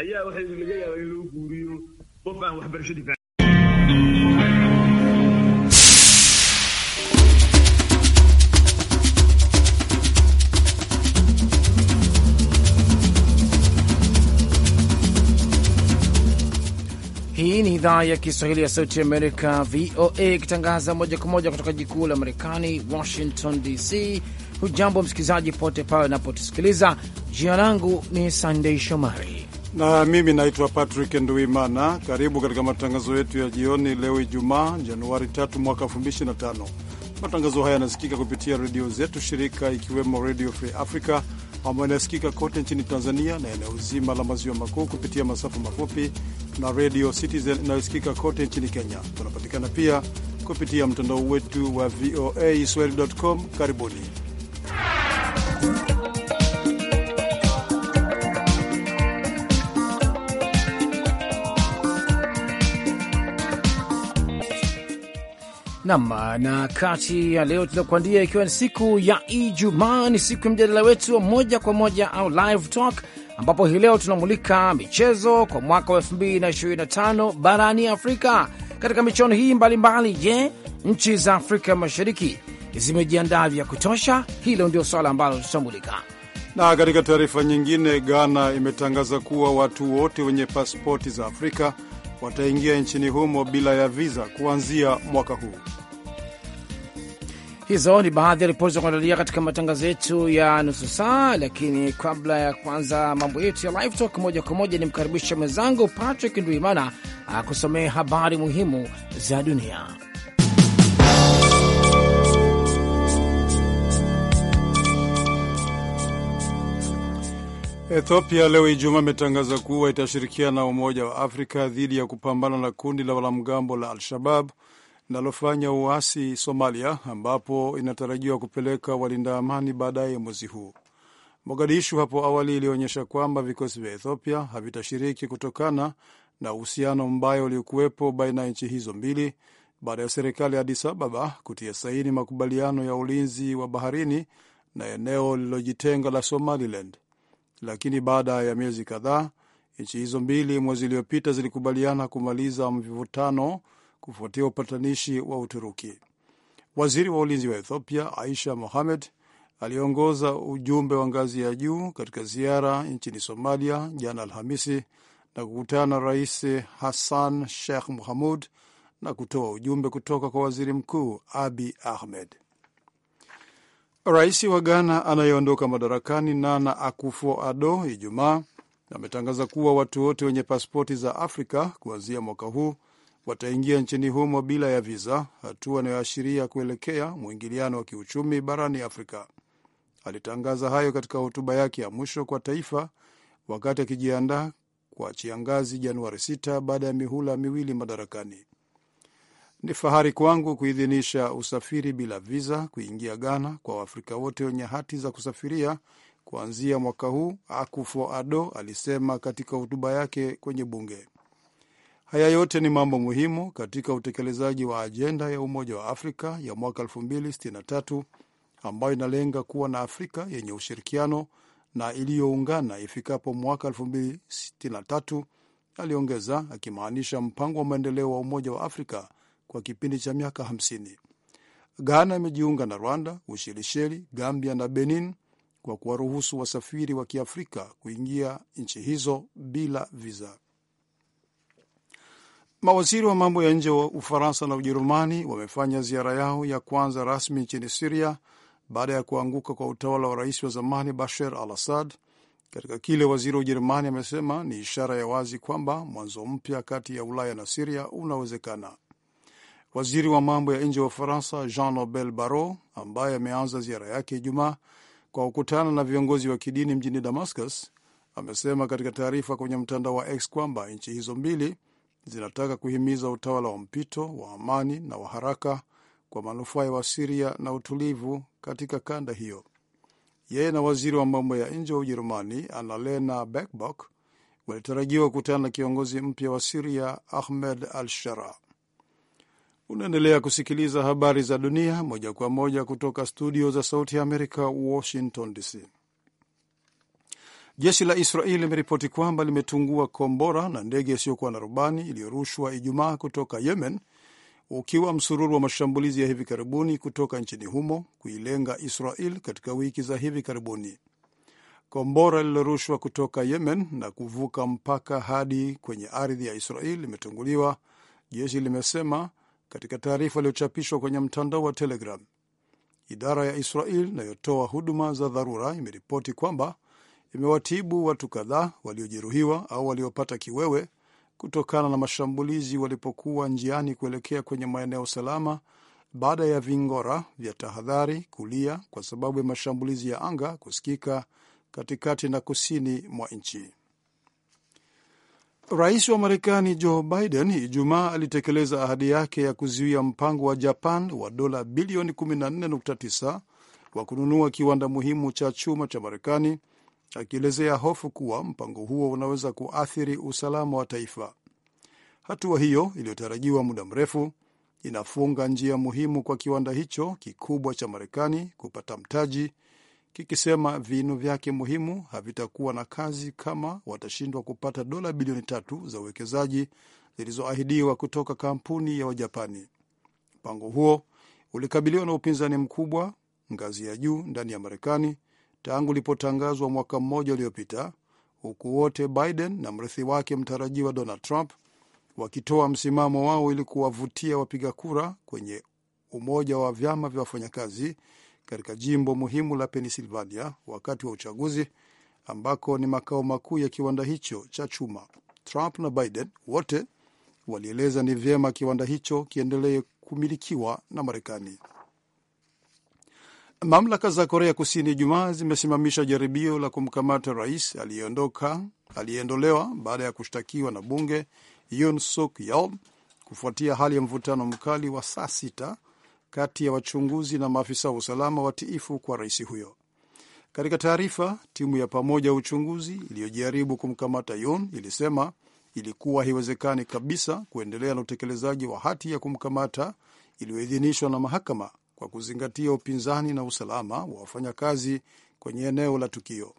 ayaa waxaa laga yaabaa in loo guuriyo qof aan waxbarasho dhifacin. Hii ni idhaa ya Kiswahili ya Sauti Amerika, VOA, ikitangaza moja kwa moja kutoka jikuu la Marekani, Washington DC. Hujambo msikilizaji pote pale unapotusikiliza. Jina langu ni Sandei Shomari na mimi naitwa Patrick Nduimana. Karibu katika matangazo yetu ya jioni leo Ijumaa, Januari 3 mwaka 2025. Matangazo haya yanasikika kupitia redio zetu shirika, ikiwemo Redio Free Africa ambayo inasikika kote nchini Tanzania na eneo zima la maziwa makuu kupitia masafa mafupi na Redio Citizen inayosikika kote nchini Kenya. Tunapatikana pia kupitia mtandao wetu wa VOA Swahili.com. Karibuni. Nam na kati ya leo tunakuandia, ikiwa ni siku ya Ijumaa, ni siku ya mjadala wetu wa moja kwa moja au live talk, ambapo hii leo tunamulika michezo kwa mwaka wa tano barani Afrika. Katika michuano hii mbalimbali, je, nchi za Afrika Mashariki zimejiandaa vya kutosha? Hilo ndio swala ambalo tutamulika. Na katika taarifa nyingine, Ghana imetangaza kuwa watu wote wenye pasipoti za Afrika wataingia nchini humo bila ya viza kuanzia mwaka huu. Hizo ni baadhi ya ripoti za kuandalia katika matangazo yetu ya nusu saa, lakini kabla ya kuanza mambo yetu ya live talk moja kwa moja, nimkaribisha mwenzangu Patrick Ndwimana akusomee habari muhimu za dunia. Ethiopia leo Ijumaa imetangaza kuwa itashirikiana na Umoja wa Afrika dhidi ya kupambana na kundi la wanamgambo la Al-Shabab linalofanya uasi Somalia, ambapo inatarajiwa kupeleka walinda amani baadaye mwezi huu. Mogadishu hapo awali ilionyesha kwamba vikosi vya Ethiopia havitashiriki kutokana na uhusiano mbaya uliokuwepo baina ya nchi hizo mbili baada ya serikali ya Addis Ababa kutia saini makubaliano ya ulinzi wa baharini na eneo lililojitenga la Somaliland lakini baada ya miezi kadhaa nchi hizo mbili mwezi iliyopita zilikubaliana kumaliza mvivutano kufuatia upatanishi wa Uturuki. Waziri wa ulinzi wa Ethiopia Aisha Mohamed aliongoza ujumbe wa ngazi ya juu katika ziara nchini Somalia jana Alhamisi na kukutana na Rais Hassan Sheikh Mohamud na kutoa ujumbe kutoka kwa waziri mkuu Abi Ahmed. Rais wa Ghana anayeondoka madarakani Nana akufo ado Ijumaa ametangaza kuwa watu wote wenye paspoti za Afrika kuanzia mwaka huu wataingia nchini humo bila ya viza, hatua inayoashiria kuelekea mwingiliano wa kiuchumi barani Afrika. Alitangaza hayo katika hotuba yake ya mwisho kwa taifa wakati akijiandaa kwa ngazi Januari 6 baada ya mihula miwili madarakani. Ni fahari kwangu kuidhinisha usafiri bila viza kuingia Ghana kwa Waafrika wote wenye hati za kusafiria kuanzia mwaka huu, akufo ado alisema katika hotuba yake kwenye bunge. Haya yote ni mambo muhimu katika utekelezaji wa ajenda ya Umoja wa Afrika ya mwaka 2063 ambayo inalenga kuwa na Afrika yenye ushirikiano na iliyoungana ifikapo mwaka 2063, aliongeza, akimaanisha mpango wa maendeleo wa Umoja wa Afrika kwa kipindi cha miaka hamsini. Ghana imejiunga na Rwanda, Ushelisheli, Gambia na Benin kwa kuwaruhusu wasafiri wa Kiafrika kuingia nchi hizo bila viza. Mawaziri wa mambo ya nje wa Ufaransa na Ujerumani wamefanya ziara yao ya kwanza rasmi nchini Siria baada ya kuanguka kwa utawala wa rais wa zamani Bashar al Assad, katika kile waziri wa Ujerumani amesema ni ishara ya wazi kwamba mwanzo mpya kati ya Ulaya na Siria unawezekana. Waziri wa mambo ya nje wa Ufaransa Jean nobel Barrot, ambaye ameanza ziara yake Ijumaa kwa kukutana na viongozi wa kidini mjini Damascus, amesema katika taarifa kwenye mtandao wa X kwamba nchi hizo mbili zinataka kuhimiza utawala wa mpito wa amani na wa haraka kwa manufaa ya Wasiria na utulivu katika kanda hiyo. Yeye na waziri wa mambo ya nje wa Ujerumani Annalena Baerbock walitarajiwa kukutana na kiongozi mpya wa Siria Ahmed al Shara. Unaendelea kusikiliza habari za dunia moja kwa moja kutoka studio za sauti ya Amerika, Washington DC. Jeshi la Israel limeripoti kwamba limetungua kombora na ndege isiyokuwa na rubani iliyorushwa Ijumaa kutoka Yemen, ukiwa msururu wa mashambulizi ya hivi karibuni kutoka nchini humo kuilenga Israel katika wiki za hivi karibuni. Kombora lililorushwa kutoka Yemen na kuvuka mpaka hadi kwenye ardhi ya Israel limetunguliwa, jeshi limesema katika taarifa iliyochapishwa kwenye mtandao wa Telegram. Idara ya Israel inayotoa huduma za dharura imeripoti kwamba imewatibu watu kadhaa waliojeruhiwa au waliopata kiwewe kutokana na mashambulizi walipokuwa njiani kuelekea kwenye maeneo salama baada ya vingora vya tahadhari kulia kwa sababu ya mashambulizi ya anga kusikika katikati na kusini mwa nchi. Rais wa Marekani Joe Biden Ijumaa alitekeleza ahadi yake ya kuzuia mpango wa Japan wa dola bilioni 14.9 wa kununua kiwanda muhimu cha chuma cha Marekani, akielezea hofu kuwa mpango huo unaweza kuathiri usalama wa taifa. Hatua hiyo iliyotarajiwa muda mrefu inafunga njia muhimu kwa kiwanda hicho kikubwa cha Marekani kupata mtaji kikisema vinu vyake muhimu havitakuwa na kazi kama watashindwa kupata dola bilioni tatu za uwekezaji zilizoahidiwa kutoka kampuni ya Wajapani. Mpango huo ulikabiliwa na upinzani mkubwa ngazi ya juu ndani ya Marekani tangu ulipotangazwa mwaka mmoja uliopita, huku wote Biden na mrithi wake mtarajiwa Donald Trump wakitoa msimamo wao ili kuwavutia wapiga kura kwenye umoja wa vyama vya wafanyakazi katika jimbo muhimu la Pennsylvania wakati wa uchaguzi ambako ni makao makuu ya kiwanda hicho cha chuma. Trump na Biden wote walieleza ni vyema kiwanda hicho kiendelee kumilikiwa na Marekani. Mamlaka za Korea Kusini Ijumaa zimesimamisha jaribio la kumkamata rais aliyeondoka aliyeondolewa baada ya kushtakiwa na bunge Yoon Suk Yeol kufuatia hali ya mvutano mkali wa saa sita kati ya wachunguzi na maafisa wa usalama watiifu kwa rais huyo. Katika taarifa, timu ya pamoja ya uchunguzi iliyojaribu kumkamata Yoon ilisema ilikuwa haiwezekani kabisa kuendelea na utekelezaji wa hati ya kumkamata iliyoidhinishwa na mahakama kwa kuzingatia upinzani na usalama wa wafanyakazi kwenye eneo la tukio.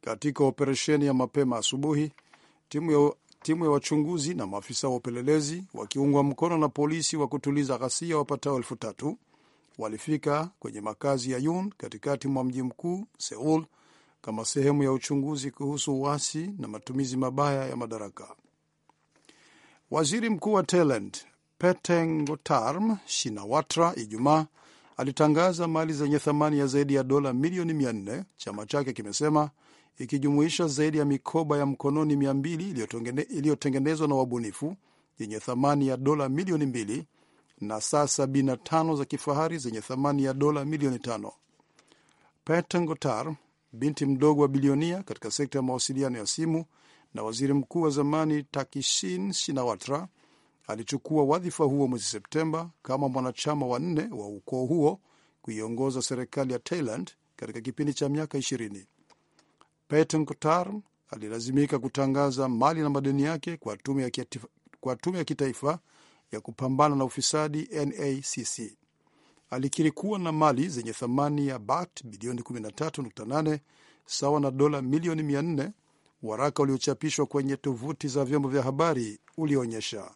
Katika operesheni ya mapema asubuhi, timu ya timu ya wachunguzi na maafisa wa upelelezi wakiungwa mkono na polisi wa kutuliza ghasia wapatao elfu tatu walifika kwenye makazi ya Yun katikati mwa mji mkuu Seul kama sehemu ya uchunguzi kuhusu uasi na matumizi mabaya ya madaraka. Waziri mkuu wa Thailand petengotarm Shinawatra Ijumaa alitangaza mali zenye thamani ya zaidi ya dola milioni 4 chama chake kimesema ikijumuisha zaidi ya mikoba ya mkononi mbili iliyotengenezwa na wabunifu yenye thamani ya dola milioni mbili na saa 75 za kifahari zenye thamani ya dola milioni tano. Pete Ngotar, binti mdogo wa bilionia katika sekta ya mawasiliano ya simu na waziri mkuu wa zamani Takishin Shinawatra, alichukua wadhifa huo mwezi Septemba kama mwanachama wa nne wa ukoo huo kuiongoza serikali ya Thailand katika kipindi cha miaka ishirini. Pet Mkhtar alilazimika kutangaza mali na madeni yake kwa tume ya, kwa tume ya kitaifa ya kupambana na ufisadi NACC. Alikiri kuwa na mali zenye thamani ya bat bilioni 13.8 sawa na dola milioni 400. Waraka uliochapishwa kwenye tovuti za vyombo vya habari ulionyesha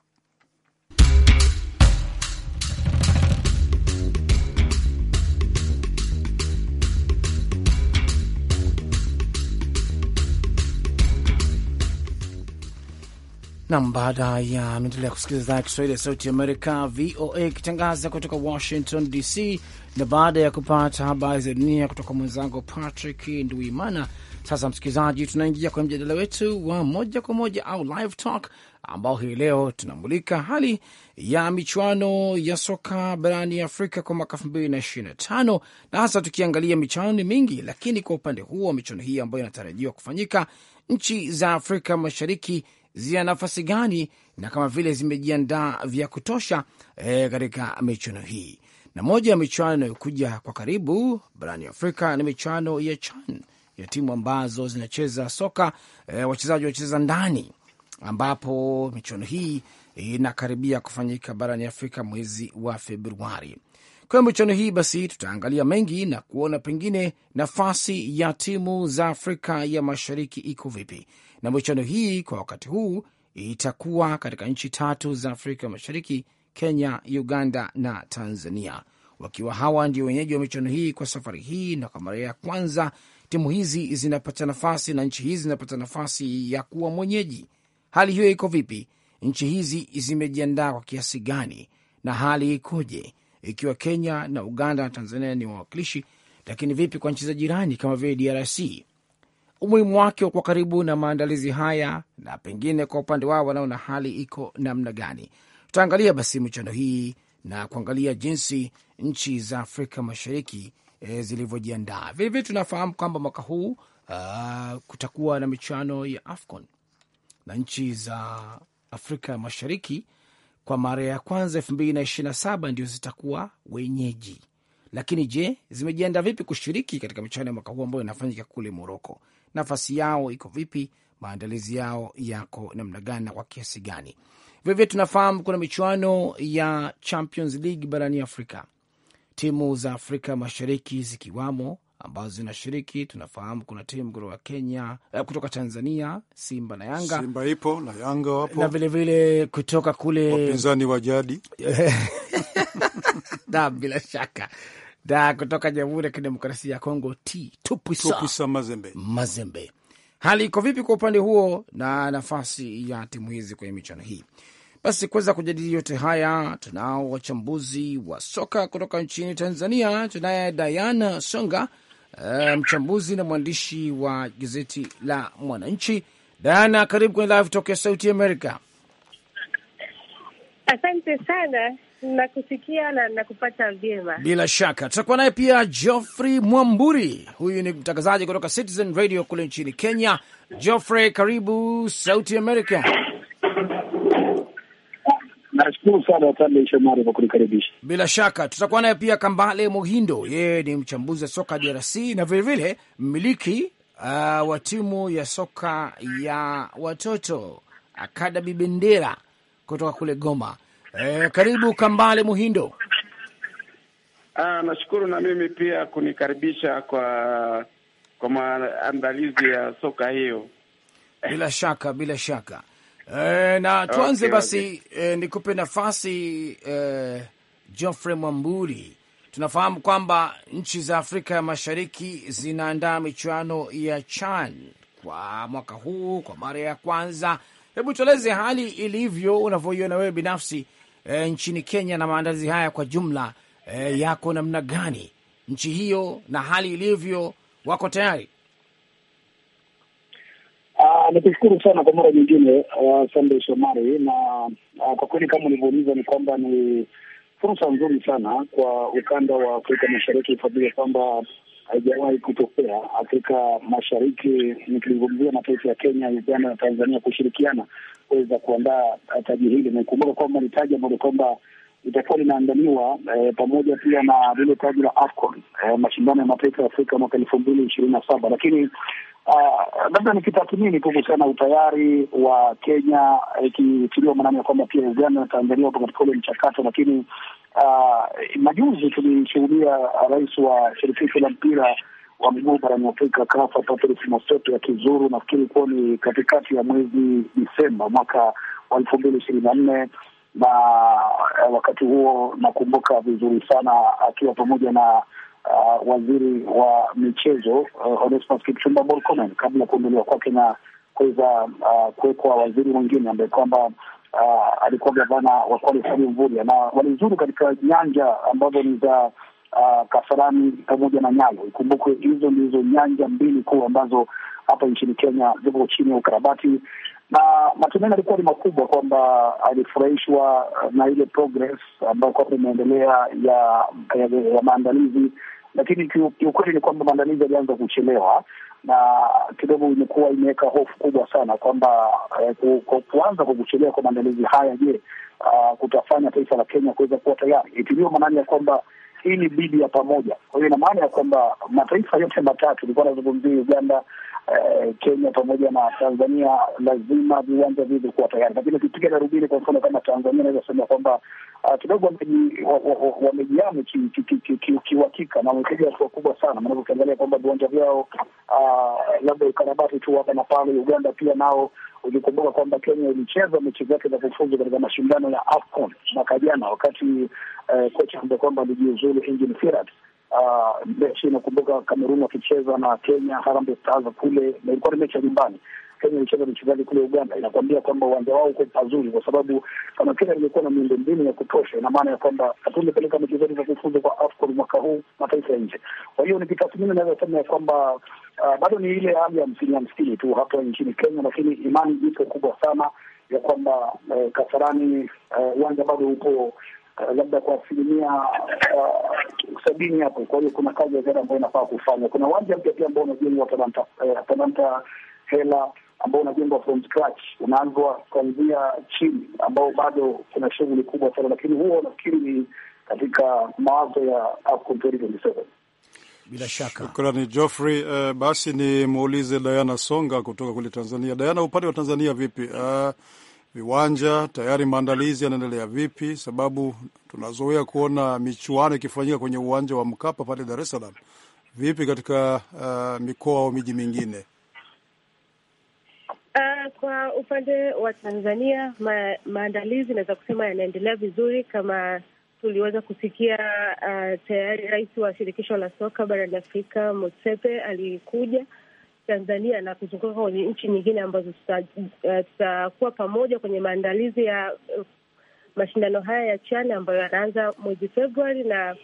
Nam, baada ya ameendelea kusikiliza idhaa ya Kiswahili ya Sauti Amerika VOA ikitangaza kutoka Washington DC, na baada ya kupata habari za dunia kutoka mwenzangu Patrick Nduimana. Sasa msikilizaji, tunaingia kwenye mjadala wetu wa moja kwa moja au live talk, ambao hii leo tunamulika hali ya michuano ya soka barani Afrika kwa mwaka elfu mbili na ishirini na tano na hasa tukiangalia michuano ni mingi, lakini kwa upande huo wa michuano hii ambayo inatarajiwa kufanyika nchi za Afrika Mashariki zina nafasi gani na kama vile zimejiandaa vya kutosha e, katika michuano hii. Na moja ya michuano inayokuja kwa karibu barani Afrika ni michuano ya CHAN ya timu ambazo zinacheza soka e, wachezaji wacheza ndani, ambapo michuano hii inakaribia kufanyika barani Afrika mwezi wa Februari. Kwa michuano hii basi, tutaangalia mengi na kuona pengine nafasi ya timu za Afrika ya Mashariki iko vipi, na michuano hii kwa wakati huu itakuwa katika nchi tatu za Afrika Mashariki: Kenya, Uganda na Tanzania, wakiwa hawa ndio wenyeji wa michuano hii kwa safari hii. Na kwa mara ya kwanza timu hizi zinapata nafasi na nchi hizi zinapata nafasi ya kuwa mwenyeji. Hali hiyo iko vipi? Nchi hizi zimejiandaa kwa kiasi gani na hali ikoje? ikiwa Kenya na Uganda na Tanzania ni wawakilishi, lakini vipi kwa nchi za jirani kama vile DRC? Umuhimu wake kwa karibu na maandalizi haya, na pengine kwa upande wao wanaona hali iko namna gani? Tutaangalia basi michano hii na kuangalia jinsi nchi za Afrika Mashariki e, zilivyojiandaa. Vilevile tunafahamu kwamba mwaka huu uh, kutakuwa na michano ya AFCON na nchi za Afrika Mashariki kwa mara ya kwanza 2027 ndio zitakuwa wenyeji. Lakini je, zimejiandaa vipi kushiriki katika michuano ya mwaka huu ambayo inafanyika kule Moroko? Nafasi yao iko vipi? Maandalizi yao yako namna gani na kwa kiasi gani? Vilevile tunafahamu kuna michuano ya Champions League barani Afrika, timu za Afrika Mashariki zikiwamo ambazo zinashiriki. Tunafahamu kuna timu kutoka Kenya, eh, kutoka Tanzania, Simba na Yanga. Simba ipo na Yanga wapo, na vilevile kutoka kule wapinzani wa jadi da, bila shaka da, kutoka Jamhuri ya Kidemokrasia ya Kongo t tupisa, Mazembe. Mazembe, hali iko vipi kwa upande huo na nafasi ya timu hizi kwenye michuano hii? Basi kuweza kujadili yote haya, tunao wachambuzi wa soka kutoka nchini Tanzania. Tunaye Diana Songa Eh, mchambuzi na mwandishi wa gazeti la Mwananchi. Diana, karibu kwenye live talk ya Sauti Amerika. Asante sana, nakusikia na nakupata vyema. Bila shaka tutakuwa naye pia Geoffrey Mwamburi, huyu ni mtangazaji kutoka Citizen Radio kule nchini Kenya. Geoffrey, karibu Sauti america Nashukuru sana asante Shomari kwa kunikaribisha. Bila shaka tutakuwa naye pia Kambale muhindo yeye ni mchambuzi wa soka DRC na vilevile mmiliki uh, wa timu ya soka ya watoto Akademi Bendera kutoka kule Goma. Eh, karibu Kambale muhindo ah, nashukuru na mimi pia kunikaribisha kwa kwa maandalizi ya soka hiyo. Bila shaka bila shaka E, na tuanze okay, basi okay. E, nikupe nafasi e, Geoffrey Mwamburi, tunafahamu kwamba nchi za Afrika ya Mashariki zinaandaa michuano ya CHAN kwa mwaka huu kwa mara ya kwanza. Hebu tueleze hali ilivyo unavyoiona wewe binafsi e, nchini Kenya na maandalizi haya kwa jumla e, yako namna gani nchi hiyo na hali ilivyo, wako tayari? Ah, ni kushukuru sana kwa mara nyingine, ah, Sandey Shomari, na ah, kwa kweli kama ulivyouliza ni kwamba ni fursa nzuri sana kwa ukanda wa Afrika Mashariki kwa kwamba haijawahi kutokea Afrika Mashariki, nikizungumzia mataifa ya Kenya, Uganda na Tanzania kushirikiana kuweza kuandaa taji hili. Nikumbuka kwamba ni taji ambalo kwamba itakuwa linaandaliwa eh, pamoja pia na lile taji la AFCON eh, mashindano ya mataifa ya Afrika mwaka elfu mbili ishirini na saba lakini Ah, labda uh, nikitathmini tu kuhusiana utayari wa Kenya ikitiliwa eh, maanani ya kwamba pia Uganda na Tanzania wapo katika ule mchakato, lakini uh, majuzi tulishuhudia rais wa shirikisho la mpira wa mguu barani Afrika KAFA Patrice Motsepe akizuru, nafikiri kuwa ni katikati ya mwezi Disemba mwaka wa elfu mbili ishirini na nne na eh, wakati huo nakumbuka vizuri sana akiwa pamoja na uh, waziri wa michezo uh, Onesmus Kipchumba Murkomen kabla ya kuondolewa kwake na kuweza uh, kuwekwa waziri mwingine ambaye kwamba uh, alikuwa gavana wa Kwale Salim Mvurya, na walizuru katika nyanja ambazo ni za uh, Kasarani pamoja na Nyayo. Ikumbukwe hizo ndizo nyanja mbili kuu ambazo hapa nchini Kenya ziko chini ya ukarabati na matumaini alikuwa ni makubwa kwamba alifurahishwa eh, na ile progress ambayo kwamba imeendelea ya, ya, ya maandalizi, lakini kiukweli ni kwamba maandalizi yalianza kuchelewa na kidogo imekuwa imeweka hofu kubwa sana kwamba eh, ku, ku, kuanza kwa kuchelewa kwa maandalizi haya, je, uh, kutafanya taifa la Kenya kuweza kuwa tayari itiliwa maanani ya kwamba hii ni bidi ya pamoja. Kwa hiyo ina maana ya kwamba mataifa yote matatu, ilikuwa anazungumzia Uganda, eh, Kenya pamoja na Tanzania, lazima viwanja vivi kuwa tayari. Lakini ukipiga darubini, kwa mfano kama Tanzania, naweza sema kwamba ah, kidogo wamejiamu kiuhakika na wamepiga hatua kubwa sana, maanake ukiangalia kwamba viwanja vyao ah, labda ukarabati tu hapa na pale. Uganda pia nao ukikumbuka kwamba Kenya ilicheza mechi zake za kufuzu katika mashindano ya AFCON mwaka jana, wakati eh, kocha ambaye kwamba alijiuzulu Engin Firat ah, mechi inakumbuka Kamerun wakicheza na Kenya Harambee Stars kule, na ilikuwa ni mechi ya nyumbani Kenya ilicheza mechi zake kule Uganda, inakuambia kwamba uwanja wao uko pazuri, kwa sababu kama Kenya ingekuwa na miundo mbinu ya kutosha, ina maana ya kwamba hatungepeleka mechi zetu za kufuzu kwa AFCON mwaka huu mataifa ya nje. Kwa hiyo nikitathmini, naweza sema ya kwamba uh, bado ni ile hali ya hamsini hamsini tu hapa nchini Kenya, lakini imani ipo kubwa sana ya kwamba uh, Kasarani eh, uwanja uh, bado upo Uh, labda kwa asilimia uh, sabini hapo. Kwa hiyo kuna kazi ya ziada ambayo inafaa kufanya. Kuna uwanja mpya pia ambao unajengwa Atalanta, eh, Atalanta hela ambao unajengwa from scratch, unaanzwa kuanzia chini, ambao bado kuna shughuli kubwa sana, lakini huo nafikiri ni katika mawazo ya AFCON 2027. Bila shaka shukrani Geoffrey. Uh, basi ni muulize Diana Songa kutoka kule Tanzania. Diana, upande wa Tanzania vipi? Uh, viwanja tayari, maandalizi yanaendelea vipi? Sababu tunazoea kuona michuano ikifanyika kwenye uwanja wa Mkapa pale Dar es Salaam, vipi katika uh, mikoa au miji mingine? Uh, kwa upande wa Tanzania ma, maandalizi inaweza kusema yanaendelea vizuri kama tuliweza kusikia uh, tayari rais wa shirikisho la soka barani Afrika Motsepe alikuja Tanzania na kuzunguka kwenye nchi nyingine ambazo uh, tutakuwa uh, pamoja kwenye maandalizi ya uh, mashindano haya ya CHAN ambayo yanaanza mwezi Februari na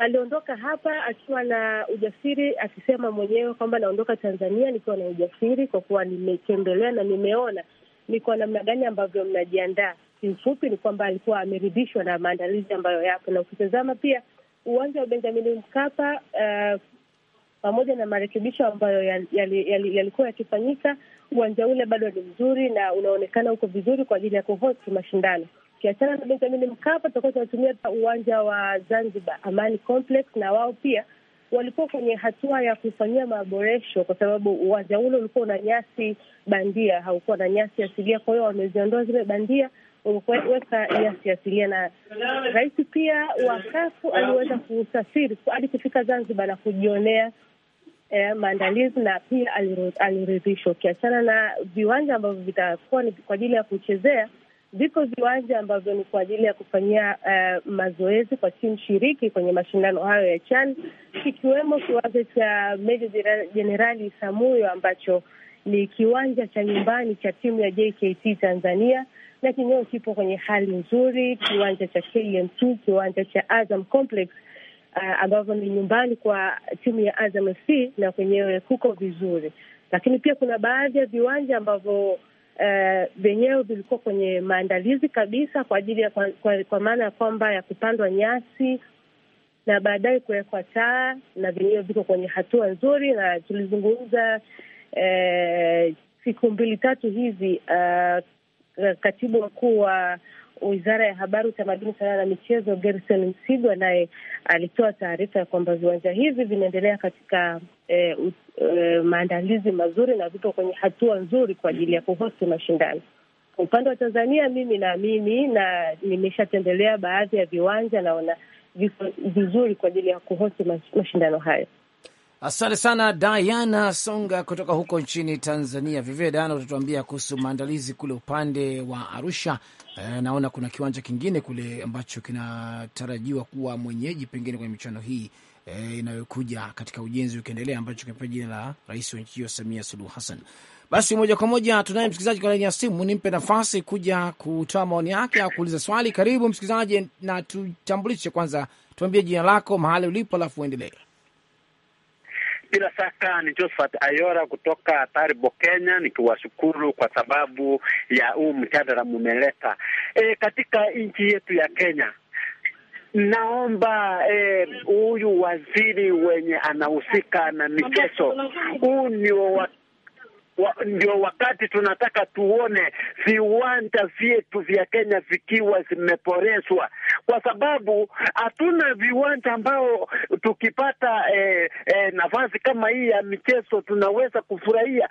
aliondoka hapa akiwa na ujasiri, akisema mwenyewe kwamba naondoka Tanzania nikiwa na ujasiri, kwa kuwa nimetembelea na nimeona ni kwa namna gani ambavyo mnajiandaa. Kiufupi ni kwamba alikuwa ameridhishwa na maandalizi ambayo yapo, na ukitazama pia uwanja wa Benjamin Mkapa uh, pamoja na marekebisho ambayo yalikuwa yali, yali, yali yakifanyika, uwanja ule bado ni mzuri na unaonekana uko vizuri kwa ajili ya kuhosti mashindano. Tukiachana na Benjamin Mkapa, tutakuwa tunatumia uwanja wa Zanzibar Amani Complex, na wao pia walikuwa kwenye hatua ya kufanyia maboresho, kwa sababu uwanja ule ulikuwa una nyasi bandia, haukuwa na nyasi asilia. Kwa hiyo wameziondoa zile bandia, wameweka nyasi asilia, na rais pia wa Kafu aliweza kusafiri hadi kufika Zanzibar na kujionea eh, maandalizi na pia aliridhishwa. Ukiachana na viwanja ambavyo vitakuwa kwa ajili ya kuchezea viko viwanja ambavyo ni kwa ajili ya kufanyia uh, mazoezi kwa timu shiriki kwenye mashindano hayo ya CHAN kikiwemo kiwanja cha Meja Jenerali Samuyo ambacho ni kiwanja cha nyumbani cha timu ya JKT Tanzania na kinyeo kipo kwenye hali nzuri. Kiwanja cha KMC, kiwanja cha Azam Complex uh, ambavyo ni nyumbani kwa timu ya Azam FC na kwenyewe kuko vizuri, lakini pia kuna baadhi ya viwanja ambavyo Eh, vyenyewe uh, vilikuwa kwenye maandalizi kabisa kwa ajili ya kwa, kwa, kwa maana ya kwamba ya kupandwa nyasi na baadaye kuwekwa taa na vyenyewe viko kwenye hatua nzuri, na tulizungumza eh, siku mbili tatu hizi uh, katibu mkuu wa Wizara ya Habari, Utamaduni, Sanaa na Michezo, Gerson Msigwa naye alitoa taarifa ya kwamba viwanja hivi vinaendelea katika eh, eh, maandalizi mazuri na viko kwenye hatua nzuri kwa ajili ya kuhosti mashindano. Kwa upande wa Tanzania, mimi naamini na nimeshatembelea baadhi ya viwanja, naona viko vizuri kwa ajili ya kuhosti mashindano hayo. Asante sana Diana Songa kutoka huko nchini Tanzania. Vivile Diana, utatuambia kuhusu maandalizi kule upande wa Arusha. E, naona kuna kiwanja kingine kule ambacho kinatarajiwa kuwa mwenyeji pengine kwenye michuano hii e, inayokuja katika ujenzi ukiendelea, ambacho kimepewa jina la rais wa nchi hiyo Samia Suluhu Hassan. Basi moja kwa moja tunaye msikilizaji kwa laini ya simu, nimpe nafasi kuja kutoa maoni yake au kuuliza swali. Karibu msikilizaji, na tutambulishe kwanza, tuambie jina lako, mahali ulipo, alafu uendelee. Bila shaka ni Josephat Ayora kutoka Taribo, Kenya, nikiwashukuru kwa sababu ya huu mjadala mumeleta. E, katika nchi yetu ya Kenya naomba e, huyu e, waziri wenye anahusika na michezo, huu wa wa, ndio wakati tunataka tuone viwanja vyetu vya Kenya vikiwa zimeporeshwa, kwa sababu hatuna viwanja ambao tukipata eh, eh, nafasi kama hii ya michezo tunaweza kufurahia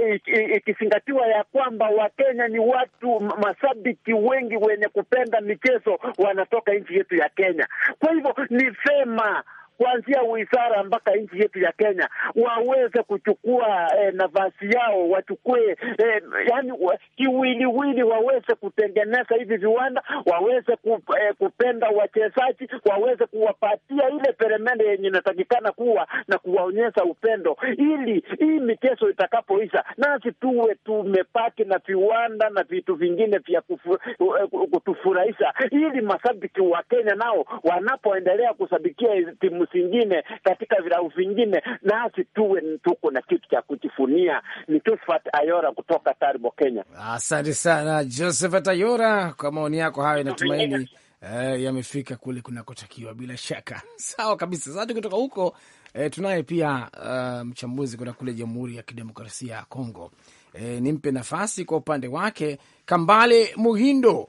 eh, ikizingatiwa ya kwamba Wakenya ni watu mashabiki wengi wenye kupenda michezo wanatoka nchi yetu ya Kenya. Kwa hivyo ni vema kuanzia wizara mpaka nchi yetu ya Kenya waweze kuchukua eh, nafasi yao, wachukue eh, yani wa, kiwiliwili, waweze kutengeneza hivi viwanda, waweze ku, eh, kupenda wachezaji, waweze kuwapatia ile peremende yenye inatakikana kuwa na kuwaonyesha upendo, ili hii michezo itakapoisha, nasi tuwe tumepaki na viwanda na vitu vingine vya eh, kutufurahisha, ili mashabiki wa Kenya nao wanapoendelea kusabikia timu vingine, katika virau vingine, nasi tuwe tuko na kitu cha kujifunia. Ni Josephat Ayora kutoka Taribo, Kenya. Asante sana Josephat Ayora kwa maoni yako hayo, natumaini eh, yamefika kule kunakotakiwa bila shaka. Sawa kabisa. Sasa tukitoka huko eh, tunaye pia uh, mchambuzi kutoka kule Jamhuri ya Kidemokrasia ya Kongo. Eh, nimpe nafasi kwa upande wake Kambale Muhindo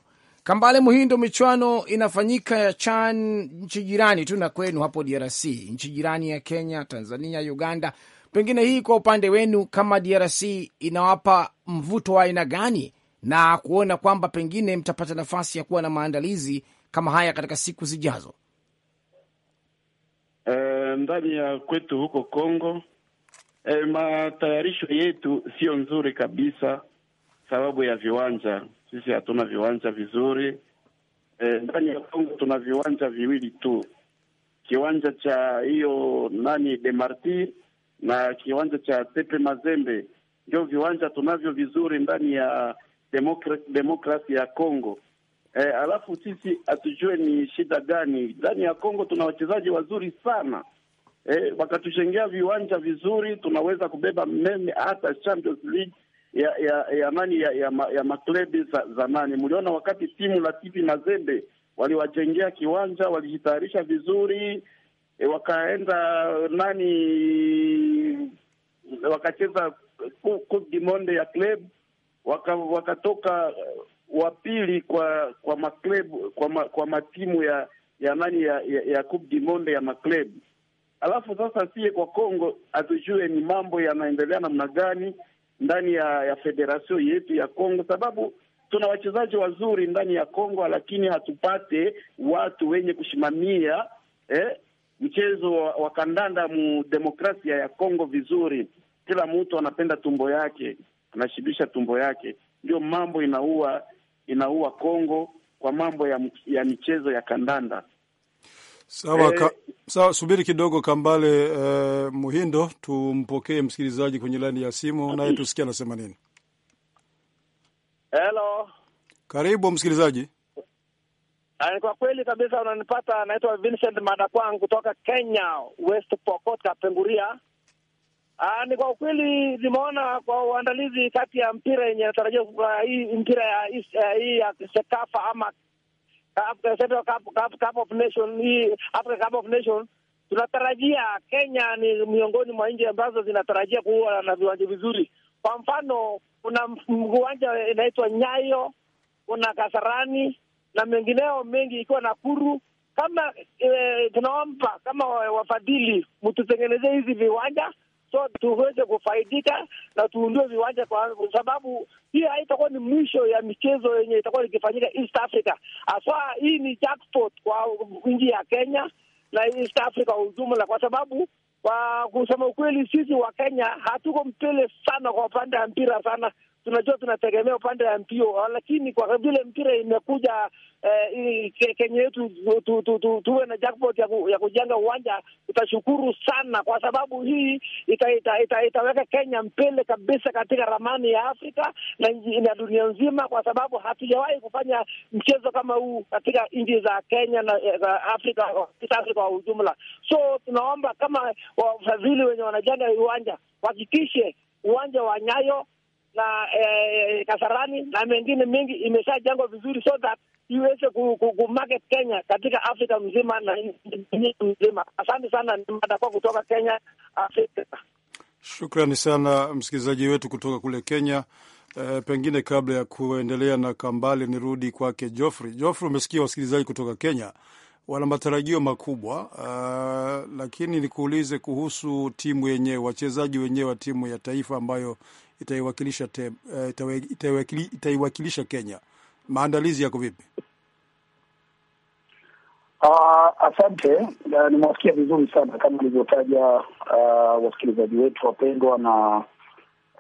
Kambale Muhindo, michuano inafanyika ya CHAN nchi jirani tu na kwenu hapo DRC, nchi jirani ya Kenya, Tanzania, Uganda. Pengine hii kwa upande wenu kama DRC inawapa mvuto wa aina gani, na kuona kwamba pengine mtapata nafasi ya kuwa na maandalizi kama haya katika siku zijazo? E, ndani ya kwetu huko Kongo e, matayarisho yetu sio nzuri kabisa sababu ya viwanja sisi hatuna viwanja vizuri e, ndani ya Kongo tuna viwanja viwili tu, kiwanja cha hiyo nani Demarti na kiwanja cha Tepe Mazembe, ndio viwanja tunavyo vizuri ndani ya demokra demokrasi ya Kongo. E, alafu sisi hatujue ni shida gani ndani ya Kongo. Tuna wachezaji wazuri sana e, viwanja vizuri tunaweza kubeba meme hata Champions League ya ya ya nani ya, ya, ya maklebi za zamani. Mliona wakati timu la TV Mazembe waliwajengea kiwanja, walijitayarisha vizuri e, wakaenda nani wakacheza Coupe du Monde ya club waka, wakatoka uh, wa pili kwa kwa maklabu kwa, ma, kwa matimu ya ya nani ya, ya, ya Coupe du Monde ya maklabu. Alafu sasa sie kwa Kongo hatujue ni mambo yanaendelea namna gani ndani ya, ya federasio yetu ya Kongo, sababu tuna wachezaji wazuri ndani ya Kongo, lakini hatupate watu wenye kusimamia eh, mchezo wa, wa kandanda mu demokrasia ya Kongo vizuri. Kila mtu anapenda tumbo yake, anashibisha tumbo yake, ndio mambo inaua inaua Kongo kwa mambo ya, ya michezo ya kandanda. Sawa, eh, sawa, subiri kidogo Kambale eh, Muhindo, tumpokee msikilizaji kwenye laini ya simu naye tusikia anasema nini. Hello. Karibu msikilizaji. Kwa kweli kabisa unanipata. Naitwa Vincent Madakwang kutoka Kenya, West Pokot, Kapenguria. Aa, ah, ni kwa kweli nimeona kwa uandalizi kati ya mpira yenye natarajiwa ah, hii mpira ya eh, hii ya Sekafa ama Central Cup of Nation hii Africa Cup of Nation tunatarajia Kenya ni miongoni mwa nchi ambazo zinatarajia kuwa na viwanja vizuri. Kwa mfano, kuna uwanja inaitwa Nyayo, kuna Kasarani na mengineo mengi, ikiwa na kuru Kama e, eh, tunaomba kama wafadhili mtutengenezee hizi viwanja so tuweze kufaidika na tuundue viwanja, kwa sababu hii haitakuwa ni mwisho ya michezo yenye itakuwa ikifanyika East Africa. aswa hii ni jackpot kwa nchi ya Kenya na East Africa kwa ujumla, kwa sababu kwa kusema ukweli, sisi wa Kenya hatuko mpele sana kwa upande ya mpira sana tunajua tunategemea upande wa mpio, lakini kwa vile mpira imekuja eh, Kenya yetu tuwe tu, tu, tu, na jackpot ya, ku, ya kujenga uwanja, utashukuru sana, kwa sababu hii ita, ita, ita, itaweka Kenya mbele kabisa katika ramani ya Afrika na, na dunia nzima, kwa sababu hatujawahi kufanya mchezo kama huu katika nchi za Kenya na eh, za Afrika, kwa ujumla. So tunaomba kama wafadhili wenye wanajenga viwanja wahakikishe uwanja wa Nyayo na eh, eh, Kasarani na mengine mengi imeshajengwa vizuri, so that iweze ku, kumarket Kenya katika Afrika mzima na nchi mzima. Asante sana, ni mada kwa kutoka Kenya, Afrika. Shukrani sana msikilizaji wetu kutoka kule Kenya. Uh, pengine kabla ya kuendelea na Kambale nirudi kwake Joffrey. Joffrey, umesikia wasikilizaji kutoka Kenya wana matarajio makubwa uh, lakini nikuulize kuhusu timu yenyewe, wachezaji wenyewe wa timu ya taifa ambayo itaiwakilisha eh, itaiwakilisha, itaiwakilisha Kenya. Maandalizi yako vipi? Uh, asante uh, nimewasikia vizuri sana kama alivyotaja uh, ah, wasikilizaji wetu wapendwa na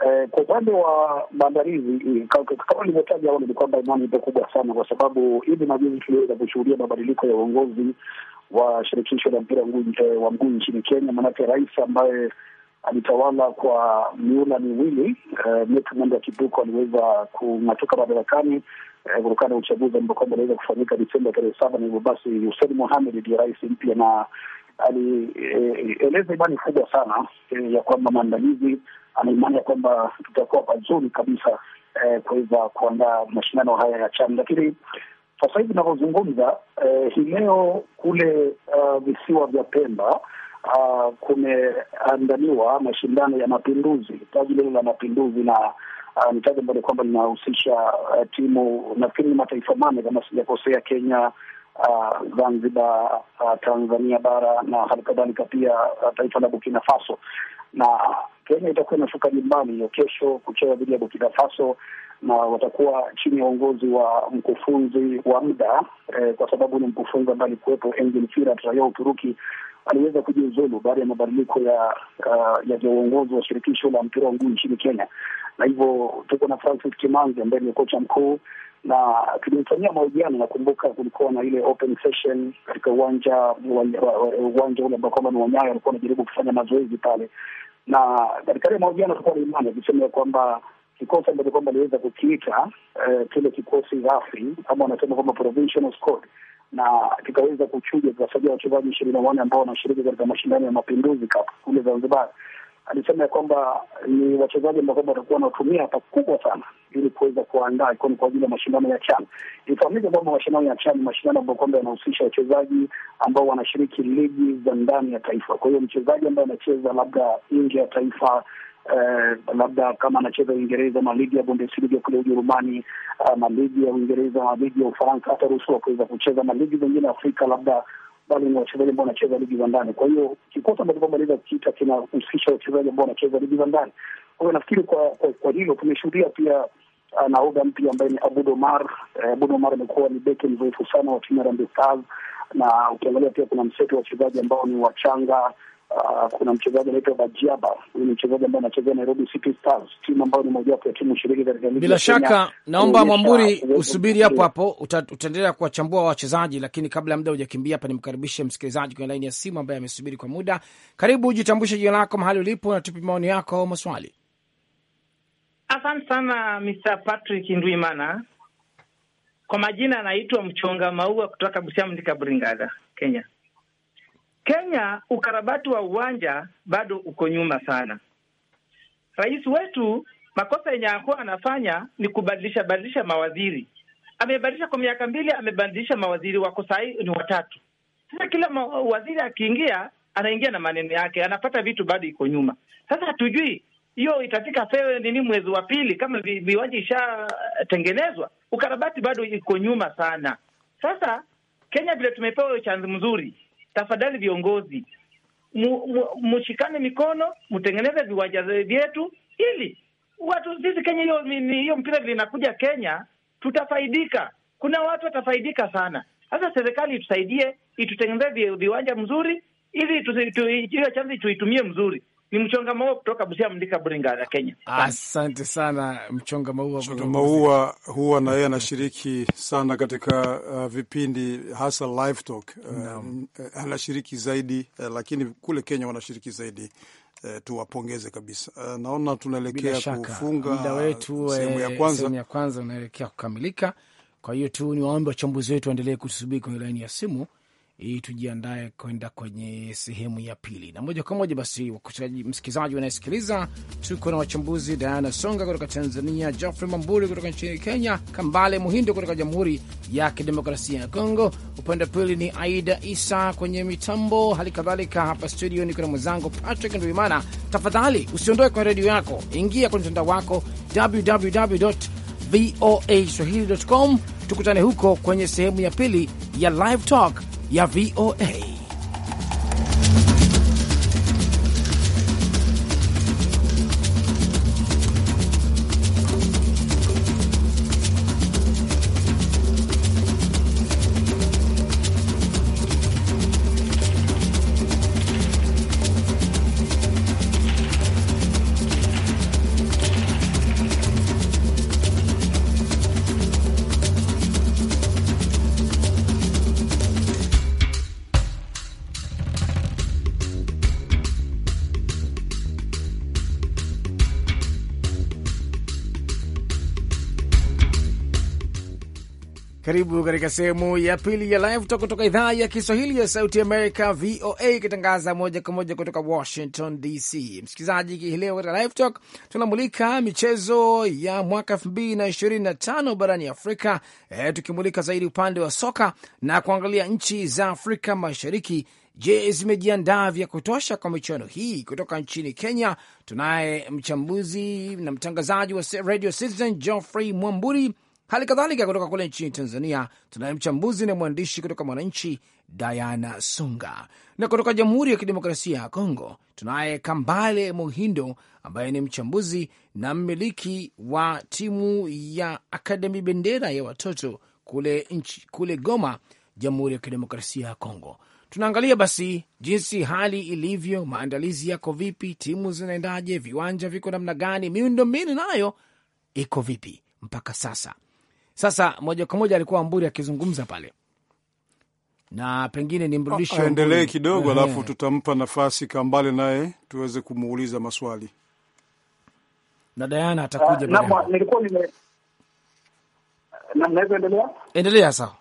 eh, kwa upande wa maandalizi eh, kama ilivyotaja awali ni kwamba imani ipo kubwa sana, kwa sababu hivi majuzi tuliweza kushuhudia mabadiliko ya uongozi wa shirikisho la mpira wa mguu eh, nchini Kenya, maanake rais ambaye alitawala kwa miula miwili. Eh, Miaka Mende ya Kibuko aliweza kung'atuka madarakani eh, kutokana na uchaguzi ambao kwamba aliweza kufanyika Desemba tarehe saba, na hivyo basi Hussein Mohamed ndiye rais mpya, na alieleza eh, imani kubwa sana ya kwamba maandalizi, ana imani ya kwamba tutakuwa pazuri kabisa kuweza kuandaa mashindano haya ya CHAN, lakini sasa hivi inavyozungumza hii leo kule visiwa vya Pemba uh, kumeandaliwa mashindano ya mapinduzi, taji lile la mapinduzi, na uh, ni taji ambalo kwamba linahusisha uh, timu nafikiri ni mataifa mane kama sijakosea, Kenya Uh, Zanzibar, uh, Tanzania bara na hali kadhalika pia uh, taifa la Burkina Faso. Na Kenya itakuwa inashuka nyumbani hiyo kesho kucheza dhidi ya Burkina Faso, na watakuwa chini ya uongozi wa mkufunzi wa muda eh, kwa sababu ni mkufunzi ambaye alikuwepo Engin Firat raia Uturuki, aliweza kujiuzulu baada ya mabadiliko ya uh, ya vya uongozi wa shirikisho la mpira wa mguu nchini Kenya, na hivyo tuko na Francis Kimanzi ambaye ni kocha mkuu na tulimfanyia mahojiano. Nakumbuka kulikuwa na ile open session katika uwanja uwanja ule ambao kwamba ni Wanyayo, alikuwa anajaribu kufanya mazoezi pale, na katika ile mahojiano tulikuwa na imani akisema ya kwamba kikosi ambacho kwamba aliweza kukiita eh, kile kikosi rafi, ama wanasema kwamba provincial squad na tukaweza kuchuja tukasajia wachezaji ishirini na wanne ambao wanashiriki katika mashindano ya Mapinduzi Cup kule Zanzibar. Alisema ya kwamba ni wachezaji ambao kwamba watakuwa wanatumia kubwa sana ili kuweza kuandaa ikiwa ni kwa ajili ya mashindano ya CHAN. Ifahamike kwamba mashindano ya CHAN ni mashindano ambayo kwamba yanahusisha wachezaji ambao wanashiriki ligi za ndani ya taifa. Kwa hiyo mchezaji ambaye anacheza labda nje ya taifa uh, labda kama anacheza Uingereza, maligi ya Bundesliga kule Ujerumani, uh, maligi ya Uingereza, maligi ya Ufaransa, hata ruhusu wakuweza kucheza maligi zengine Afrika labda bali ni wachezaji ambao wanacheza ligi za ndani. Kwa hiyo kikosi ambacho kwamba kita kinahusisha wachezaji ambao wanacheza ligi za ndani. Kwa hiyo nafikiri kwa kwa, kwa hilo tumeshuhudia pia uh, eh, nahodha mpya ambaye ni Abud Omar. Abud Omar amekuwa ni beki mzoefu sana wa timu ya Harambee Stars, na ukiangalia pia kuna mseto wa wachezaji ambao ni wachanga Ah, kuna mchezaji anaitwa Bajiaba. Huyu ni mchezaji ambaye anachezea Nairobi City Stars, timu ambayo ni mojawapo ya timu shiriki katika ligi. Bila shaka, naomba Mwamburi usubiri hapo hapo, utaendelea kuwachambua wachezaji, lakini kabla ya muda hujakimbia, hapa nimkaribishe msikilizaji kwenye laini ya simu ambaye amesubiri kwa muda. Karibu, ujitambushe jina lako, mahali ulipo, na tupe maoni yako au maswali. Asante sana Mr. Patrick Ndwimana. Kwa majina anaitwa Mchonga Maua kutoka Busia Mndika, Buringada, Kenya. Kenya ukarabati wa uwanja bado uko nyuma sana. Rais wetu makosa yenye alikuwa anafanya ni kubadilisha badilisha mawaziri. Amebadilisha kwa miaka mbili, amebadilisha mawaziri wako sahii ni watatu. Sasa kila waziri akiingia, anaingia na maneno yake, anapata vitu bado iko nyuma. Sasa hatujui hiyo itafika fewe nini mwezi wa pili, kama viwanja ishatengenezwa, ukarabati bado iko nyuma sana. Sasa Kenya vile tumepewa chanzi mzuri tafadhali viongozi mushikane mikono, mtengeneze viwanja vyetu ili watu sisi Kenya, hiyo hiyo mpira linakuja Kenya, tutafaidika. Kuna watu watafaidika sana. Sasa serikali itusaidie, itutengeneze viwanja mzuri, ili hiyo chanzi tuitumie mzuri ni mchonga maua kutoka Busia, Mndika Buringa ya Kenya. Asante sana mchonga maua. Mchonga maua huwa na yeye anashiriki sana katika uh, vipindi hasa live talk uh, uh anashiriki zaidi uh, lakini kule Kenya wanashiriki zaidi. Uh, tuwapongeze kabisa. Uh, naona tunaelekea kufunga muda wetu, sehemu ya eh, kwanza, sehemu ya kwanza unaelekea kukamilika. Kwa hiyo tu ni waombe wachambuzi wetu waendelee kutusubiri kwenye laini ya simu ili tujiandae kwenda kwenye sehemu ya pili. Na moja kwa moja basi, msikilizaji wanayesikiliza, tuko na wachambuzi Diana Songa kutoka Tanzania, Geoffrey Mamburi kutoka nchini Kenya, Kambale Muhindo kutoka Jamhuri ya Kidemokrasia ya Kongo, upande wa pili ni Aida Isa kwenye mitambo. Hali kadhalika hapa studio niko na mwenzangu Patrick Nduimana. Tafadhali usiondoe kwenye redio yako, ingia kwenye mtandao wako www voa swahili.com. Tukutane huko kwenye sehemu ya pili ya Live Talk ya VOA. Karibu katika sehemu ya pili ya live talk kutoka idhaa ya Kiswahili ya sauti Amerika, VOA, ikitangaza moja kwa moja kutoka Washington DC. Msikilizaji, hii leo katika live talk tunamulika michezo ya mwaka tano barani Afrika, e, tukimulika zaidi upande wa soka na kuangalia nchi za Afrika Mashariki. Je, zimejiandaa vya kutosha kwa michuano hii? Kutoka nchini Kenya tunaye mchambuzi na mtangazaji wa Radio Citizen Geoffrey Mwamburi Hali kadhalika kutoka kule nchini Tanzania tunaye mchambuzi na mwandishi kutoka Mwananchi, Diana Sunga, na kutoka Jamhuri ya Kidemokrasia ya Kongo tunaye Kambale Muhindo ambaye ni mchambuzi na mmiliki wa timu ya Akademi Bendera ya watoto kule, nchi, kule Goma, Jamhuri ya Kidemokrasia ya Kongo. Tunaangalia basi jinsi hali ilivyo, maandalizi yako vipi, timu zinaendaje, viwanja viko namna gani, miundo mbinu nayo iko vipi mpaka sasa. Sasa moja kwa moja alikuwa Wamburi akizungumza pale na pengine nimrudishe aendelee kidogo, alafu tutampa nafasi Kambale naye tuweze kumuuliza maswali na Dayana atakuja. Nilikuwa nime naweza endelea endelea, sawa.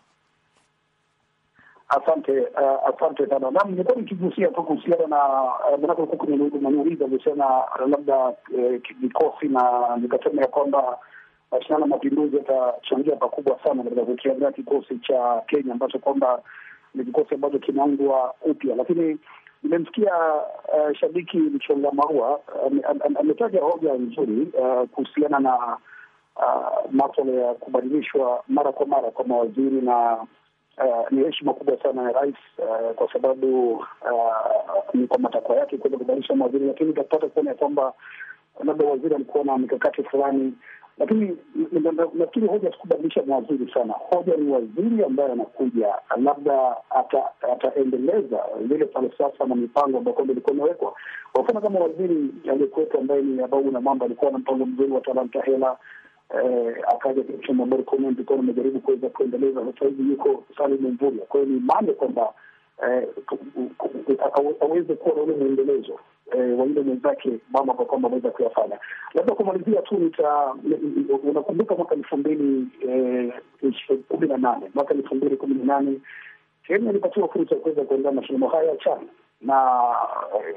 Asante, uh, asante sana. Naam, nilikuwa nikigusia tu kuhusiana na manake, huku umeniuliza kuhusiana labda vikosi, na nikasema ya kwamba Chama Mapinduzi yatachangia pakubwa sana katika kukiandaa kikosi cha Kenya ambacho kwamba ni kikosi ambacho kinaundwa upya. Lakini nimemsikia uh, shabiki mchonga maua eh, ametaja hoja nzuri eh, kuhusiana na uh, maswala ya kubadilishwa mara kwa mara kwa mawaziri na Uh, ni heshima kubwa sana ya rais uh, kwa sababu uh, ni kwa matakwa yake kuweza kubadilisha mawaziri, lakini utapata kuona ya kwamba labda waziri alikuwa na mikakati fulani lakini nafikiri hoja sikubadilisha mawaziri sana. Hoja ni waziri ambaye anakuja, labda ataendeleza zile falsafa na mipango ambayo kwamba ilikuwa imewekwa. Kwa mfano kama waziri aliyekuwepo ambaye ni Ababu na mambo alikuwa na mpango mzuri wa talanta hela Eh, akaja kitu cha Mobile Command, kuweza kuendeleza. Sasa hivi yuko Salim Mvurya, kwa hiyo ni imani kwamba Eh, aweze kuwa na ule mwendelezo eh, wa ile mwenzake, mama kwa kwamba ameweza kuyafanya. Labda kumalizia tu, nita unakumbuka mwaka elfu mbili eh, kumi na nane mwaka elfu mbili kumi na nane Kenya ilipatiwa fursa ya kuweza kuandaa mashindano haya ya CHAN na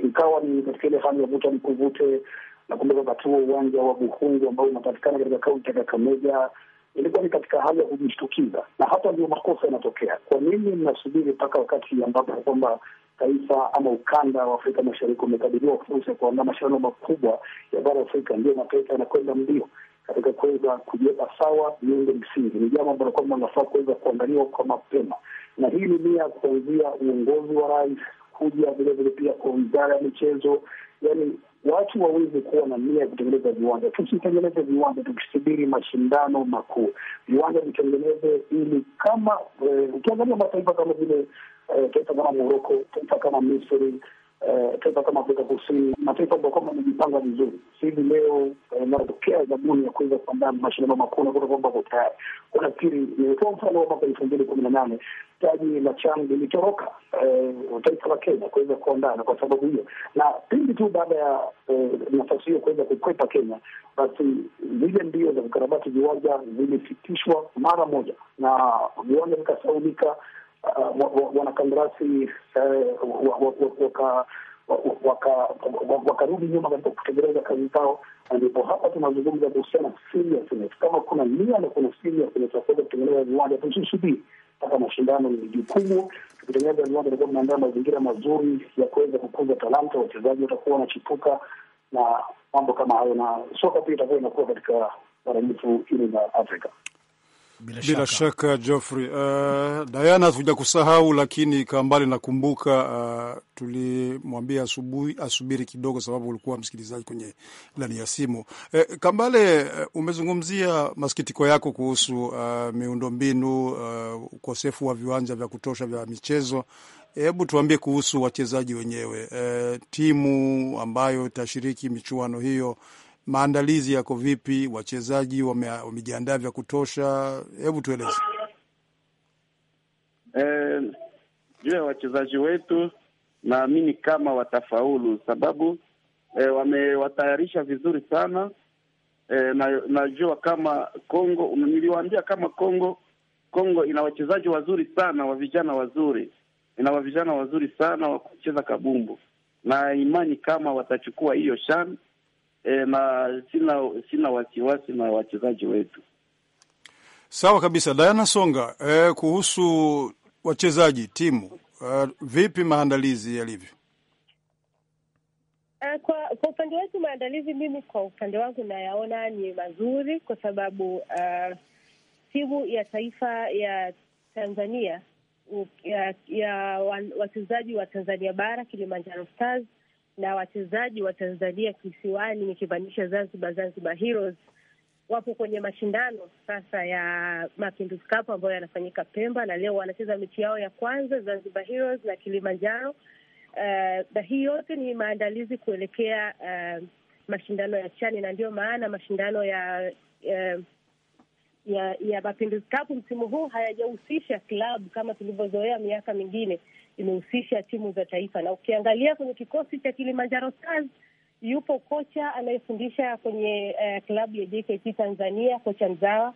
ikawa ni katika ile hali ya vuta nikuvute. Nakumbuka wakati huo uwanja wa Buhungu ambao unapatikana katika kaunti ya Kakamega ilikuwa ni katika hali ya kujishtukiza, na hapa ndio makosa yanatokea. Kwa nini mnasubiri mpaka wakati ambapo kwamba taifa ama ukanda wa Afrika Mashariki umekabiliwa fursa ya kuandaa mashindano makubwa ya bara Afrika, ndio mataifa yanakwenda mbio katika kuweza kujiweka sawa miundo msingi. Ni jambo ambalo kwamba nafaa kuweza kuandaliwa kwa mapema, na hii ni nia kuanzia uongozi wa rais kuja vilevile pia kwa wizara ya michezo, yani watu waweze kuwa na nia ya kutengeneza viwanja. Tusitengeneze viwanja tukisubiri mashindano makuu, viwanja vitengeneze ili kama eh, ukiangalia mataifa kama vile eh, taifa kama Moroko, taifa kama Misri Eh, taifa kama Afrika Kusini, mataifa ambayo kwamba amejipanga vizuri. Sahivi leo napokea eh, zabuni ya kuweza kuandaa mashindano makuu nakuta kwamba ko tayari. Unafikiri nimetoa mfano wa mwaka elfu mbili kumi na nane taji la CHAN lilitoroka eh, taifa la Kenya kuweza kuandaa, na kwa sababu hiyo, na pindi tu baada ya nafasi hiyo kuweza kukwepa Kenya, basi zile mbio za kukarabati viwanja zilisitishwa mara moja na viwanja vikasaulika. Uh, wanakandarasi uh, wakarudi nyuma katika kutekeleza kazi zao, na ndipo hapa tunazungumza kuhusiana seriousness. Kama kuna nia na kuna seriousness ya kuweza kutengeneza viwanja, tusisubiri mpaka mashindano. Ni jukumu tukitengeneza viwanja, tutakuwa tunaandaa mazingira mazuri ya kuweza kukuza talanta, wachezaji watakuwa wanachipuka na mambo kama hayo, na soka pia itakuwa inakuwa katika bara letu hili la Afrika bila, bila shaka, shaka Geoffrey. Uh, Diana hatuja kusahau, lakini kambale nakumbuka, uh, tulimwambia asubuhi asubiri kidogo, sababu ulikuwa msikilizaji kwenye lani ya simu. Uh, Kambale, uh, umezungumzia masikitiko yako kuhusu uh, miundombinu, uh, ukosefu wa viwanja vya kutosha vya michezo. Hebu tuambie kuhusu wachezaji wenyewe, uh, timu ambayo itashiriki michuano hiyo maandalizi yako vipi? Wachezaji wamejiandaa vya kutosha? Hebu tueleze eh, juu ya wachezaji wetu. Naamini kama watafaulu sababu e, wamewatayarisha vizuri sana e, na najua kama Kongo, niliwaambia kama Kongo Kongo ina wachezaji wazuri sana wa vijana wazuri, ina wavijana wazuri sana wa kucheza kabumbu, na imani kama watachukua hiyo shani e, ma, sina sina wasiwasi na wachezaji wetu. Sawa kabisa, Diana Songa. E, kuhusu wachezaji timu, e, vipi maandalizi yalivyo? Kwa kwa upande wetu maandalizi, mimi kwa upande wangu nayaona ni mazuri, kwa sababu uh, timu ya taifa ya Tanzania ya, ya wachezaji wa Tanzania bara Kilimanjaro Stars na wachezaji wa Tanzania kisiwani, nikimaanisha Zanzibar, Zanzibar Heroes wapo kwenye mashindano sasa ya Mapinduzi Cup ambayo yanafanyika Pemba, na leo wanacheza mechi yao ya kwanza Zanzibar Heroes na Kilimanjaro. Uh, na hii yote ni maandalizi kuelekea uh, mashindano ya chani, na ndio maana mashindano ya uh, ya ya Mapinduzi Cup msimu huu hayajahusisha klabu kama tulivyozoea miaka mingine imehusisha timu za taifa, na ukiangalia kwenye kikosi cha Kilimanjaro Stars yupo kocha anayefundisha kwenye uh, klabu ya JKT Tanzania, kocha Mzawa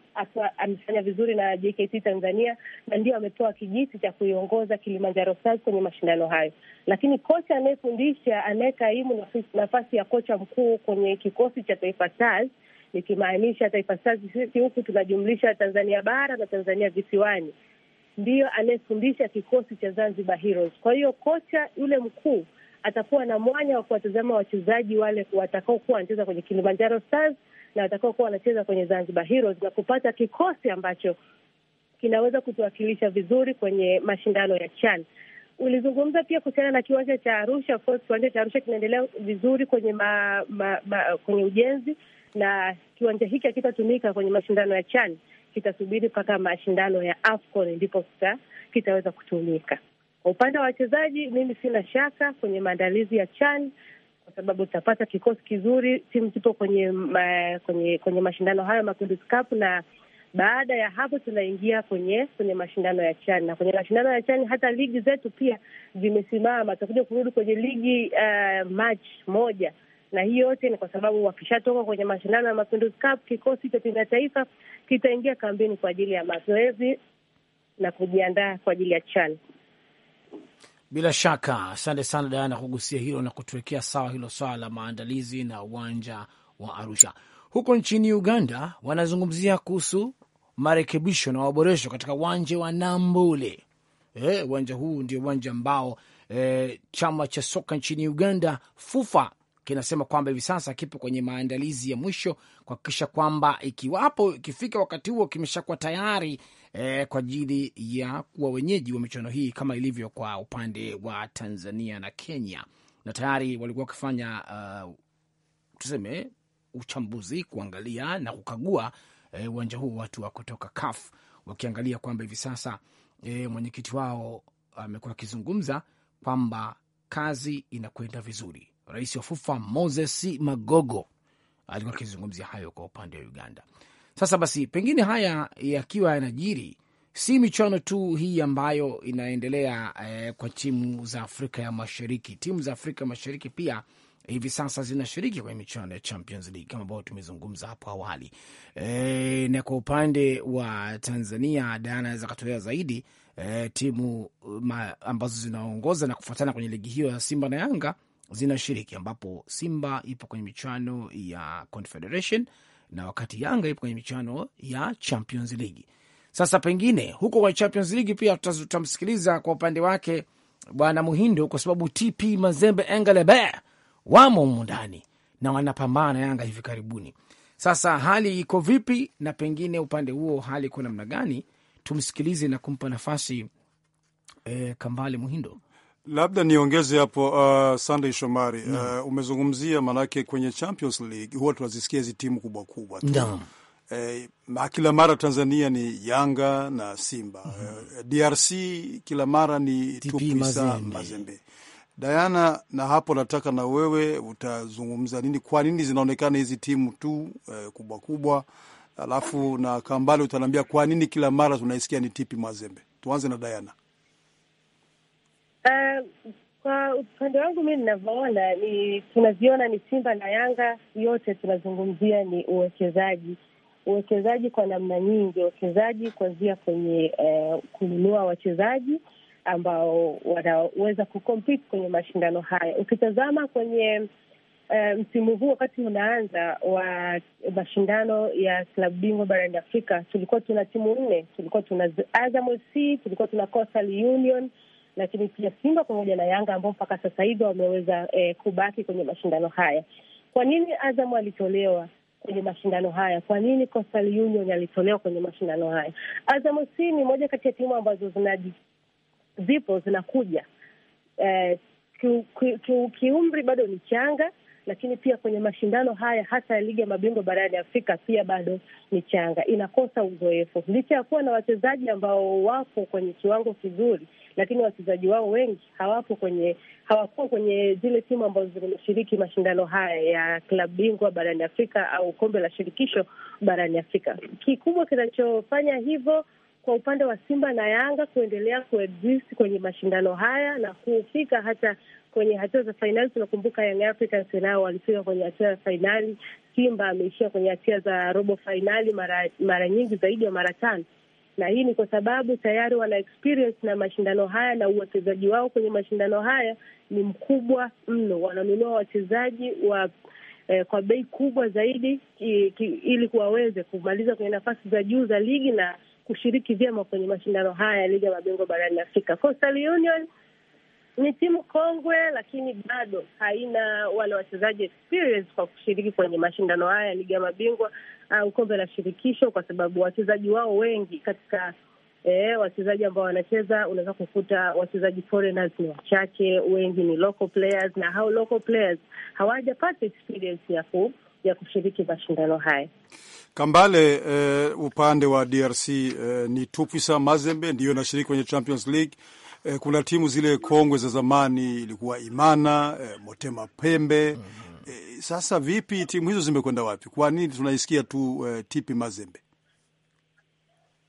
amefanya vizuri na JKT Tanzania na ndio ametoa kijiti cha kuiongoza Kilimanjaro Stars kwenye mashindano hayo. Lakini kocha anayefundisha anayekaimu nafasi ya kocha mkuu kwenye kikosi cha Taifa Stars, nikimaanisha Taifa Stars sisi huku tunajumlisha Tanzania bara na Tanzania visiwani ndiyo anayefundisha kikosi cha Zanzibar Heroes. Kwa hiyo kocha yule mkuu atakuwa na mwanya wa kuwatazama wachezaji wale watakaokuwa wanacheza kwenye Kilimanjaro Stars na watakaokuwa wanacheza kwenye Zanzibar Heroes na kupata kikosi ambacho kinaweza kutuwakilisha vizuri kwenye mashindano ya CHAN. Ulizungumza pia kuhusiana na kiwanja cha Arusha. Of course, kiwanja cha Arusha kinaendelea vizuri kwenye ma, ma, ma, kwenye ujenzi na kiwanja hiki hakitatumika kwenye mashindano ya CHAN kitasubiri mpaka mashindano ya AFCON ndipo kitaweza kutumika. Kwa upande wa wachezaji, mimi sina shaka kwenye maandalizi ya CHAN kwa sababu tutapata kikosi kizuri. Timu zipo kwenye ma, kwenye kwenye mashindano hayo Mapinduzi Cup, na baada ya hapo tunaingia kwenye kwenye mashindano ya CHAN. Na kwenye mashindano ya CHAN hata ligi zetu pia zimesimama, tutakuja kurudi kwenye ligi uh, eh, Machi moja na hii yote ni kwa sababu wakishatoka kwenye mashindano ya Mapinduzi Cup, kikosi cha timu ya taifa kitaingia kambini kwa ajili ya mazoezi na kujiandaa kwa ajili ya CHAN. Bila shaka, asante sana Diana kugusia hilo na kutuwekea sawa hilo swala la maandalizi na uwanja wa Arusha. Huko nchini Uganda wanazungumzia kuhusu marekebisho na maboresho katika uwanja wa Nambole. Eh, uwanja eh, huu ndio uwanja ambao eh, chama cha soka nchini Uganda FUFA kinasema kwamba hivi sasa kipo kwenye maandalizi ya mwisho kuhakikisha kwamba ikiwapo ikifika wakati huo kimeshakuwa tayari eh, kwa ajili ya kuwa wenyeji wa michuano hii kama ilivyo kwa upande wa Tanzania na Kenya, na tayari walikuwa wakifanya uh, tuseme uchambuzi kuangalia na kukagua eh, uwanja eh, huu watu wa kutoka CAF wakiangalia kwamba hivi sasa eh, mwenyekiti wao amekuwa akizungumza kwamba kazi inakwenda vizuri Rais wa FUFA Moses Magogo alikuwa akizungumzia hayo kwa upande wa Uganda. Sasa basi, pengine haya yakiwa yanajiri, si michuano tu hii ambayo inaendelea eh, kwa timu za Afrika ya Mashariki. Timu za Afrika Mashariki pia hivi sasa zinashiriki kwenye michuano ya Champions League kama ambavyo tumezungumza hapo awali. E, na kwa upande wa Tanzania, Dana anaweza katolea zaidi e, timu ma, ambazo zinaongoza na kufuatana kwenye ligi hiyo ya Simba na Yanga zinashiriki, ambapo Simba ipo kwenye michuano ya Confederation na wakati Yanga ipo kwenye michuano ya Champions League. Sasa pengine huko kwenye Champions League pia tutamsikiliza kwa upande wake Bwana Muhindo kwa sababu TP Mazembe Engelebe wamo humu ndani na wanapambana Yanga hivi karibuni. Sasa hali iko vipi, na pengine upande huo hali iko namna gani? Tumsikilize na kumpa nafasi eh, Kambale Muhindo Labda niongeze hapo uh, Sunday Shomari mm. uh, umezungumzia maanake, kwenye Champions League huwa tunazisikia hizi timu kubwa kubwa tu no. Eh, kila mara Tanzania ni Yanga na Simba mm -hmm. Eh, DRC kila mara ni Tupisa Mazembe. Diana, na hapo nataka na wewe utazungumza nini, kwa nini zinaonekana hizi timu tu eh, kubwa kubwa, alafu na Kambale utanaambia kwa nini kila mara tunaisikia ni Tipi Mazembe. Tuanze na Diana. Uh, kwa upande wangu mi ninavyoona ni tunaviona ni Simba na Yanga, yote tunazungumzia ni uwekezaji, uwekezaji kwa namna nyingi, uwekezaji kuanzia kwenye eh, kununua wachezaji ambao wanaweza kucompete kwenye mashindano haya. Ukitazama kwenye eh, msimu huu wakati unaanza wa mashindano ya klabu bingwa barani Afrika, tulikuwa tuna timu nne, tulikuwa tuna Azam FC, tulikuwa tuna Coastal Union lakini pia Simba pamoja na Yanga ambao mpaka sasa hivi wameweza eh, kubaki kwenye mashindano haya. Kwa nini Azam alitolewa kwenye mashindano haya? Kwa nini Coastal Union alitolewa kwenye mashindano haya? Azam FC ni moja kati ya timu ambazo zinaji, zipo zinakuja eh, kiumri ki, ki, ki bado ni changa lakini pia kwenye mashindano haya hasa ya ligi ya mabingwa barani Afrika pia bado ni changa, inakosa uzoefu licha ya kuwa na wachezaji ambao wapo kwenye kiwango kizuri, lakini wachezaji wao wengi hawapo kwenye hawakuwa kwenye zile timu ambazo zimeshiriki mashindano haya ya klabu bingwa barani Afrika au kombe la shirikisho barani Afrika. Kikubwa kinachofanya hivyo kwa upande wa Simba na Yanga kuendelea kuexist kwenye mashindano haya na kufika hata kwenye hatua za fainali. Tunakumbuka Young Africans nao walifika kwenye hatua za fainali. Simba ameishia kwenye hatua za robo fainali mara, mara nyingi zaidi ya mara tano, na hii ni kwa sababu tayari wana experience na mashindano haya na uwekezaji wao kwenye mashindano haya ni mkubwa mno. Wananunua wachezaji wa eh, kwa bei kubwa zaidi ki, ki, ili kuwaweze kumaliza kwenye nafasi za juu za ligi na kushiriki vyema kwenye mashindano haya ya ligi ya mabingwa barani Afrika. Coastal Union ni timu kongwe, lakini bado haina wale wachezaji experience kwa kushiriki kwenye mashindano haya ya ligi ya mabingwa au uh, kombe la shirikisho, kwa sababu wachezaji wao wengi katika eh, wachezaji ambao wanacheza unaweza kukuta wachezaji foreigners ni wachache, wengi ni local players, na hao local players hawajapata experience ya ku, ya kushiriki mashindano haya. Kambale, uh, upande wa DRC uh, eh, ni Tupisa Mazembe ndiyo inashiriki kwenye Champions League eh, kuna timu zile kongwe za zamani, ilikuwa Imana eh, Motema Pembe mm-hmm. eh, sasa vipi timu hizo zimekwenda wapi? Kwa nini tunaisikia tu eh, Tipi Mazembe?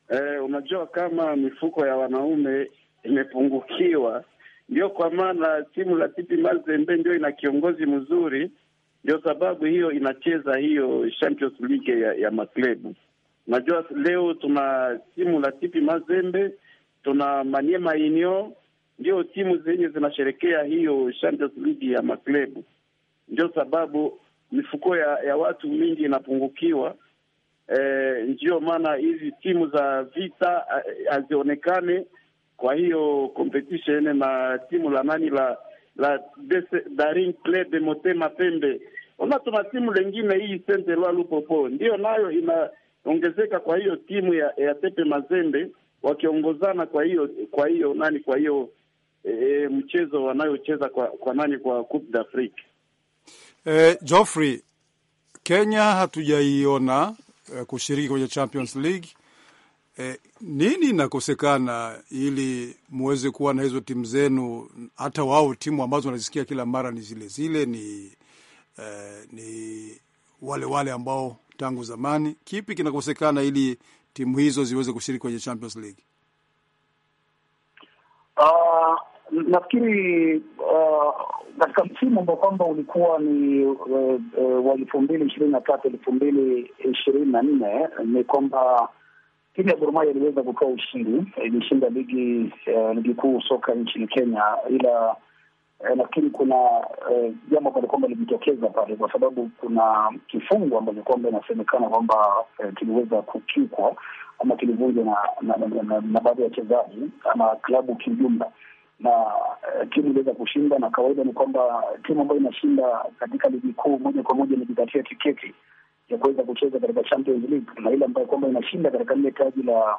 Eh, unajua kama mifuko ya wanaume imepungukiwa, ndio kwa maana timu la Tipi Mazembe ndio ina kiongozi mzuri, ndio sababu hiyo inacheza hiyo Champions League ya, ya maklebu. Najua leo tuna timu la Tipi Mazembe tuna Maniema Union ndio timu zenye zinasherekea hiyo Champions League ya maklebu. Ndio sababu mifuko ya, ya watu mingi inapungukiwa. E, ndio maana hizi timu za vita hazionekane kwa hiyo competition, na timu la nani la la Daring Club de Motema Pembe, ona tuna timu lengine hii Sente Lwa Lupopo, ndiyo nayo inaongezeka kwa hiyo timu ya, ya Tepe Mazembe wakiongozana, kwa hiyo kwa hiyo nani, kwa hiyo e, e, mchezo wanayocheza kwa, kwa nani, kwa Coupe d'Afrique. E, Geoffrey, Kenya hatujaiona e, kushiriki kwenye Champions League. E, nini inakosekana ili muweze kuwa na hizo timu zenu, hata wao timu ambazo wanazisikia kila mara ni zile zile, ni e, ni wale wale ambao tangu zamani. Kipi kinakosekana ili timu hizo ziweze kushiriki kwenye Champions League? Uh, nafikiri uh, katika msimu ambao kwamba ulikuwa ni uh, uh, wa elfu mbili ishirini na tatu elfu mbili ishirini na nne ni kwamba timu ya Gor Mahia iliweza kutoa ushindi, ilishinda ligi uh, ligi kuu soka nchini Kenya ila Eh, lakini kuna eh, jambo ambalo kwamba limejitokeza pale, kwa sababu kuna kifungu ambacho kwamba inasemekana kwamba eh, kiliweza kukiukwa ama kilivunjwa na baadhi ya wachezaji ama klabu kiujumla, na timu iliweza kushinda, na kawaida ni kwamba timu ambayo inashinda katika ligi kuu moja kwa moja inajipatia tiketi ya kuweza kucheza katika Champions League na ile ambayo kwamba inashinda katika lile taji la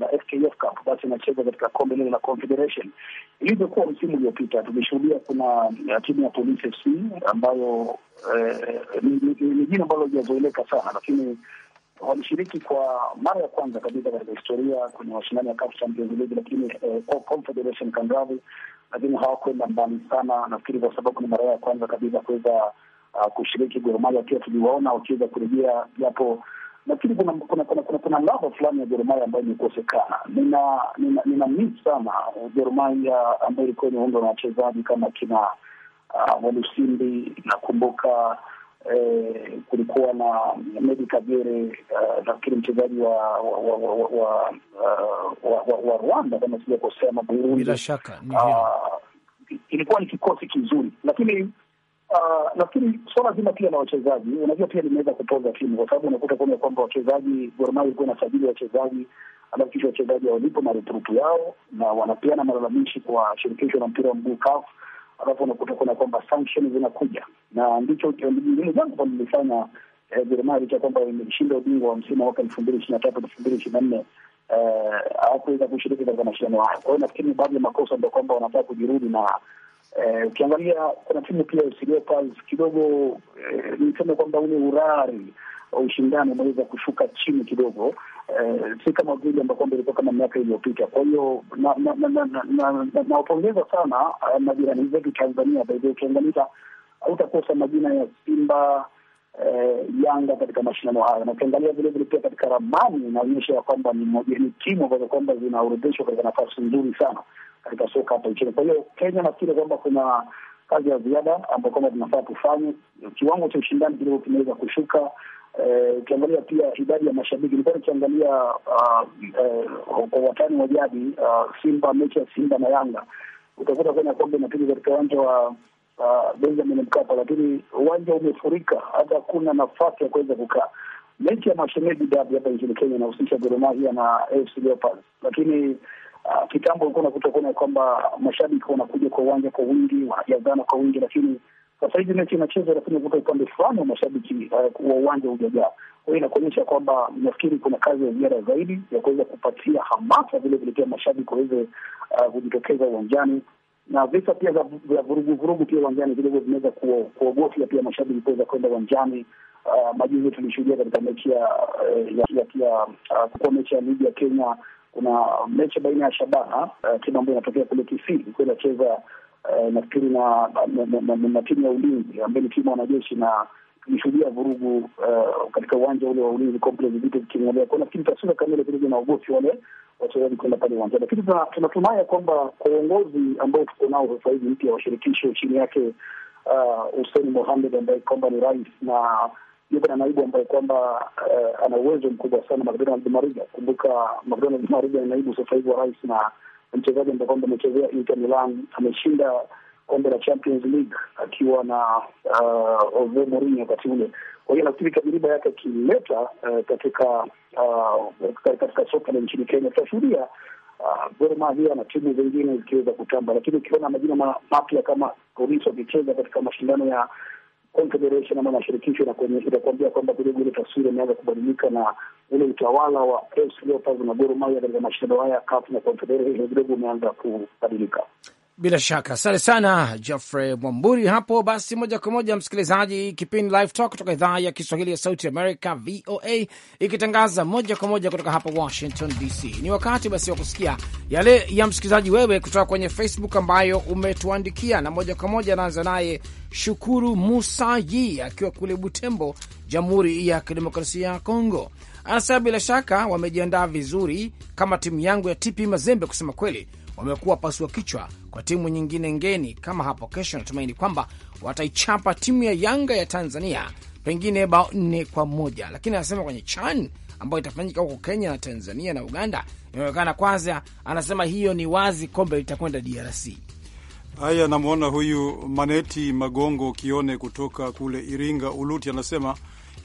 la FKF Cup, basi inacheza katika kombe lile la Confederation. Ilivyokuwa msimu uliopita, tumeshuhudia kuna eh, timu ya Police FC ambayo eh, ni jina ambalo halijazoeleka sana, lakini walishiriki kwa mara ya kwanza kabisa katika historia kwenye mashindano ya CAF Champions League, lakini eh, Confederation Kangave, lakini hawakwenda mbali sana, nafikiri kwa sababu ni mara ya kwanza kabisa kuweza uh, kushiriki Gor Mahia. Pia tuliwaona wakiweza kurejea, japo lakini kuna kuna kuna, kuna, kuna ladha fulani ya Gor Mahia ambayo imekosekana. Nina nina, nina miss sana uh, Gor Mahia ambayo ilikuwa imeundwa na wachezaji kama kina uh, Walusimbi. Nakumbuka eh, kulikuwa na Medi Kagere uh, nafikiri uh, mchezaji wa wa wa, wa, wa, wa, uh, wa, wa Rwanda kama sijakosea, ma Burundi, bila shaka uh, ilikuwa ni kikosi kizuri lakini Uh, nafikiri swala zima pia la wachezaji, unajua pia limeweza kupoza timu, kwa sababu unakuta kwamba kwamba wachezaji Gor Mahia ilikuwa inasajili wachezaji alafu kisha wachezaji hawalipo marupurupu yao na wanapeana malalamishi kwa shirikisho la mpira wa mguu CAF, alafu unakuta kuna kwamba sanction zinakuja, na ndicho ndiyo jambo kwamba lilifanya eh, Gor Mahia licha kwamba imeshinda ubingwa wa msimu mwaka elfu mbili ishirini na tatu elfu mbili ishirini na nne eh, hawakuweza kushiriki katika mashindano hayo. Kwa hiyo nafikiri ni baadhi ya makosa ndio kwamba wanataka kujirudi na Eh, ukiangalia kuna timu pia Leopards kidogo eh, niseme kwamba ule urari wa ushindani umeweza kushuka chini kidogo eh, si kama vile ambao ilikuwa kama miaka iliyopita. Kwa hiyo nawapongeza sana eh, majirani zetu Tanzania, ukiangalia hautakosa majina ya Simba eh, Yanga katika mashindano hayo, na ukiangalia vile pia katika ramani inaonyesha ya kwamba ni timu ambazo kwamba zinaorodheshwa katika nafasi nzuri sana katika soka hapa nchini. Kwa hiyo Kenya nafikiri kwamba kuna kazi ya ziada ambayo kwamba tunafaa tufanye. Kiwango cha ushindani kidogo kimeweza kushuka. Eh, ukiangalia pia idadi ya mashabiki, nilikuwa nikiangalia ah, eh, kwa watani wa jadi ah, Simba, mechi ya Simba na Yanga, utakuta kwenda kombe inapiga katika uwanja wa ah, Benjamin Mkapa, lakini uwanja umefurika, hata hakuna nafasi ya kuweza kukaa. Mechi ya mashemeji dabi hapa nchini Kenya inahusisha Gor Mahia na AFC Leopards, lakini Uh, kitambo ulikuwa unakuta kuona kwamba mashabiki wanakuja kwa uwanja kwa wingi, wanajazana kwa wingi, lakini sasa hivi mechi inachezwa, lakini unakuta upande fulani wa mashabiki ah, wa uwanja hujajaa. Kwa hiyo inakuonyesha kwamba nafikiri kuna kazi ya ziada zaidi ya kuweza kupatia hamasa vile vile, pia mashabiki waweze ah, kujitokeza uwanjani na visa pia vya vurugu vurugu pia uwanjani kidogo vinaweza kuogofya pia mashabiki kuweza kwenda uwanjani. Uh, majuzi tulishuhudia katika mechi ya eh, ya, ya, ya, uh, mechi ya ligi ya Kenya kuna mechi baina ya Shabaha, eh, timu ambayo inatokea kule Kisii, ilikuwa inacheza eh, nafikiri na timu ya Ulinzi ambayo ni timu wanajeshi na tulishuhudia vurugu eh, katika uwanja ule wa Ulinzi Complex vitu vikiendelea kwao. Nafikiri taswira kamili na ugosi wale wachezaji kwenda pale uwanjani, lakini tunatumai kwamba kwa uongozi ambao tuko nao sasa hivi mpya washirikisho chini yake Hussein Mohamed ambaye kwamba ni rais na yupo na naibu ambaye kwamba eh, ana uwezo mkubwa sana, McDonald Mariga. Kumbuka McDonald Mariga ni naibu sasa hivi wa rais na mchezaji ambaye kwamba amechezea Inter Milan, ameshinda kombe la Champions League akiwa na uh, Jose Mourinho wakati ule. Kwa hiyo nafikiri tajriba yake akileta uh, eh, katika uh, katika soka la nchini Kenya tutashuhudia Gor Mahia na timu zingine zikiweza kutamba, lakini ukiona majina mapya kama Gomis wakicheza katika mashindano ya confederation ama mashirikisho itakuambia kwamba kidogo ile taswira imeanza kubadilika, na ule utawala wa AFC Leopards na Gor Mahia katika mashindano haya ya CAF na confederation kidogo umeanza kubadilika. Bila shaka asante sana Geoffrey Mwamburi hapo. Basi moja kwa moja, msikilizaji, kipindi Live Talk kutoka idhaa ya Kiswahili ya Sauti Amerika, VOA, ikitangaza moja kwa moja kutoka hapa Washington DC. Ni wakati basi wa kusikia yale ya msikilizaji wewe kutoka kwenye Facebook ambayo umetuandikia, na moja kwa moja anaanza naye Shukuru Musa Yi akiwa kule Butembo, Jamhuri ya Kidemokrasia ya Kongo. Anasema bila shaka wamejiandaa vizuri kama timu yangu ya TP Mazembe, kusema kweli wamekuwa pasua kichwa kwa timu nyingine ngeni kama hapo kesho. Natumaini kwamba wataichapa timu ya Yanga ya Tanzania pengine bao nne kwa moja, lakini anasema kwenye CHAN ambayo itafanyika huko Kenya na Tanzania na Uganda inaonekana kwanza, anasema hiyo ni wazi, kombe litakwenda DRC. Haya, namwona huyu Maneti Magongo Kione kutoka kule Iringa Uluti, anasema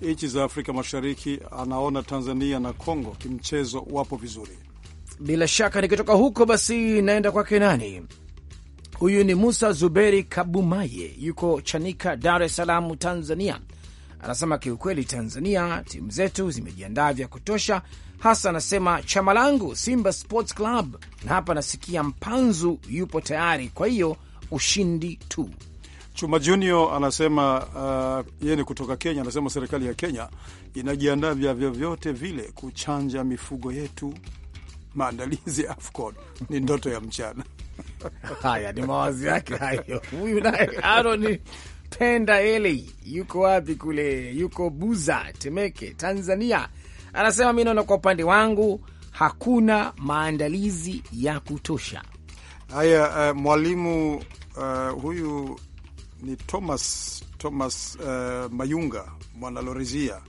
nchi za Afrika Mashariki anaona Tanzania na Kongo kimchezo wapo vizuri. Bila shaka nikitoka huko basi naenda kwake nani huyu? Ni Musa Zuberi Kabumaye, yuko Chanika, Dar es Salaam, Tanzania. Anasema kiukweli, Tanzania timu zetu zimejiandaa vya kutosha, hasa anasema chama langu Simba Sports Club, na hapa anasikia Mpanzu yupo tayari, kwa hiyo ushindi tu. Chuma junio anasema uh, yeye ni kutoka Kenya. Anasema serikali ya Kenya inajiandaa vya vyovyote vile kuchanja mifugo yetu maandalizi ya AFCON ni ndoto ya mchana. Haya ni mawazo yake hayo. Huyu naye Aroni Penda Eli yuko wapi? Kule yuko Buza, Temeke, Tanzania. Anasema mi naona kwa upande wangu hakuna maandalizi ya kutosha. Haya, uh, mwalimu uh, huyu ni Thomas Thomas uh, Mayunga mwanalorizia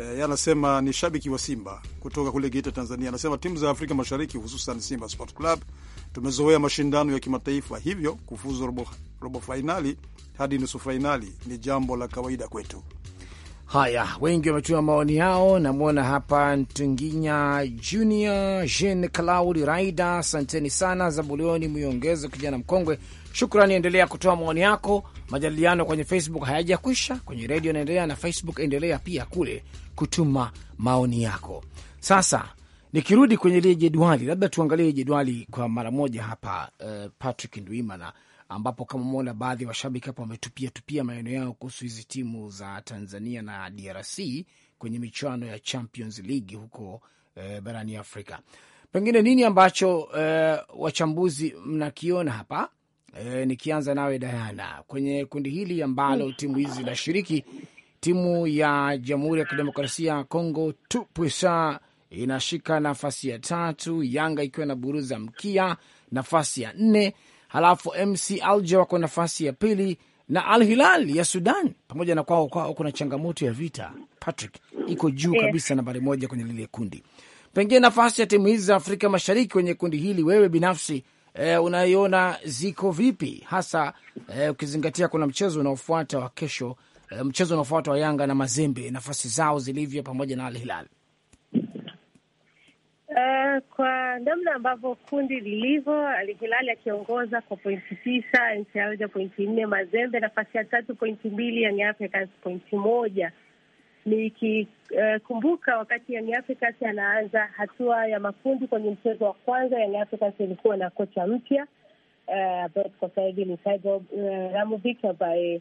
eh, anasema ni shabiki wa Simba kutoka kule Geita, Tanzania. Anasema timu za Afrika Mashariki, hususan Simba Sport Club, tumezoea mashindano ya kimataifa, hivyo kufuzu robo, robo fainali hadi nusu fainali ni jambo la kawaida kwetu. Haya, wengi wametuma maoni yao. Namwona hapa Ntunginya Junior, Jean Claud Raida, asanteni sana. Zabulioni Mwiongezi, kijana mkongwe, shukrani, endelea kutoa maoni yako. Majadiliano kwenye Facebook hayajakwisha, kwenye redio naendelea na Facebook, endelea pia kule kutuma maoni yako. Sasa nikirudi kwenye lile jedwali, labda tuangalie jedwali kwa mara moja hapa. Uh, Patrick Ndwimana, ambapo kama umeona baadhi ya washabiki hapa wametupia tupia maeneo yao kuhusu hizi timu za Tanzania na DRC kwenye michuano ya Champions League huko uh, barani Afrika, pengine nini ambacho uh, wachambuzi mnakiona hapa E, nikianza nawe Diana, kwenye kundi hili ambalo timu hizi zinashiriki, timu ya Jamhuri ya Kidemokrasia ya Kongo tupwisa inashika nafasi ya tatu, Yanga ikiwa na buruza mkia nafasi ya nne, halafu MC Alger wako nafasi ya pili na Al Hilal ya Sudan pamoja na kwao kwao kuna changamoto ya vita Patrick iko juu eh. kabisa nambari moja kwenye lile kundi. Pengine nafasi ya timu hizi za Afrika Mashariki kwenye kundi hili, wewe binafsi eh, unaiona ziko vipi hasa eh, ukizingatia kuna mchezo unaofuata wa kesho eh, mchezo unaofuata wa Yanga na Mazembe, nafasi zao zilivyo pamoja na Al Uh, kwa namna ambavyo kundi lilivyo, Al Hilal akiongoza kwa pointi tisa, nchi ya pointi nne, Mazembe nafasi ya tatu pointi mbili, Yanga Africans pointi moja Nikikumbuka uh, wakati Young Africans anaanza hatua ya makundi kwenye mchezo wa kwanza, Young Africans ilikuwa na kocha mpya ambaye eh, kwa sasa hivi ni Taibo eh, Ramovic ambaye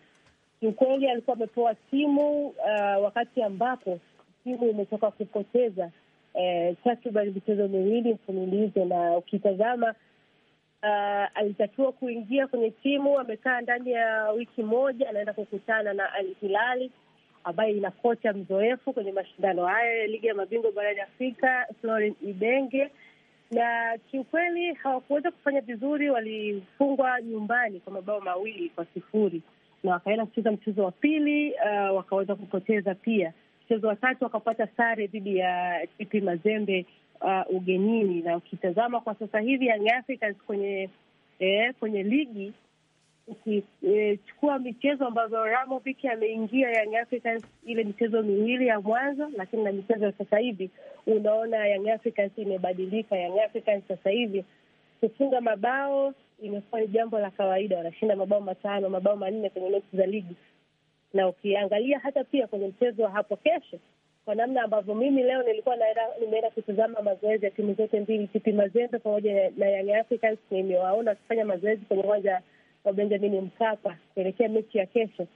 kiukweli alikuwa amepewa timu uh, wakati ambapo timu imetoka kupoteza takriban uh, michezo miwili mfululizo, na ukitazama uh, alitakiwa kuingia kwenye timu, amekaa ndani ya wiki moja, anaenda kukutana na Al Hilali ambaye ina kocha mzoefu kwenye mashindano haya ya ligi ya mabingwa barani Afrika, Florent Ibenge, na kiukweli hawakuweza kufanya vizuri. Walifungwa nyumbani kwa mabao mawili kwa sifuri na wakaenda kucheza mchezo wa pili uh, wakaweza kupoteza pia. Mchezo wa tatu wakapata sare dhidi ya TP Mazembe uh, ugenini. Na ukitazama kwa sasa hivi Young Africans kwenye eh, kwenye ligi ukichukua e, michezo ambazo Ramovic ameingia Young Africans, ile michezo miwili ya mwanzo, lakini na michezo ya sasa hivi, unaona Young Africans imebadilika. Young Africans sasa hivi kufunga mabao imekuwa ni jambo la kawaida, wanashinda mabao matano mabao manne kwenye mechi za ligi, na ukiangalia hata pia kwenye mchezo wa hapo kesho, kwa namna ambavyo mimi leo nilikuwa nimeenda kutizama mazoezi ya timu zote mbili, TP Mazembe pamoja na Young Africans, nimewaona wakifanya mazoezi kwenye uwanja kwa Benjamin Mkapa kuelekea mechi ya kesho,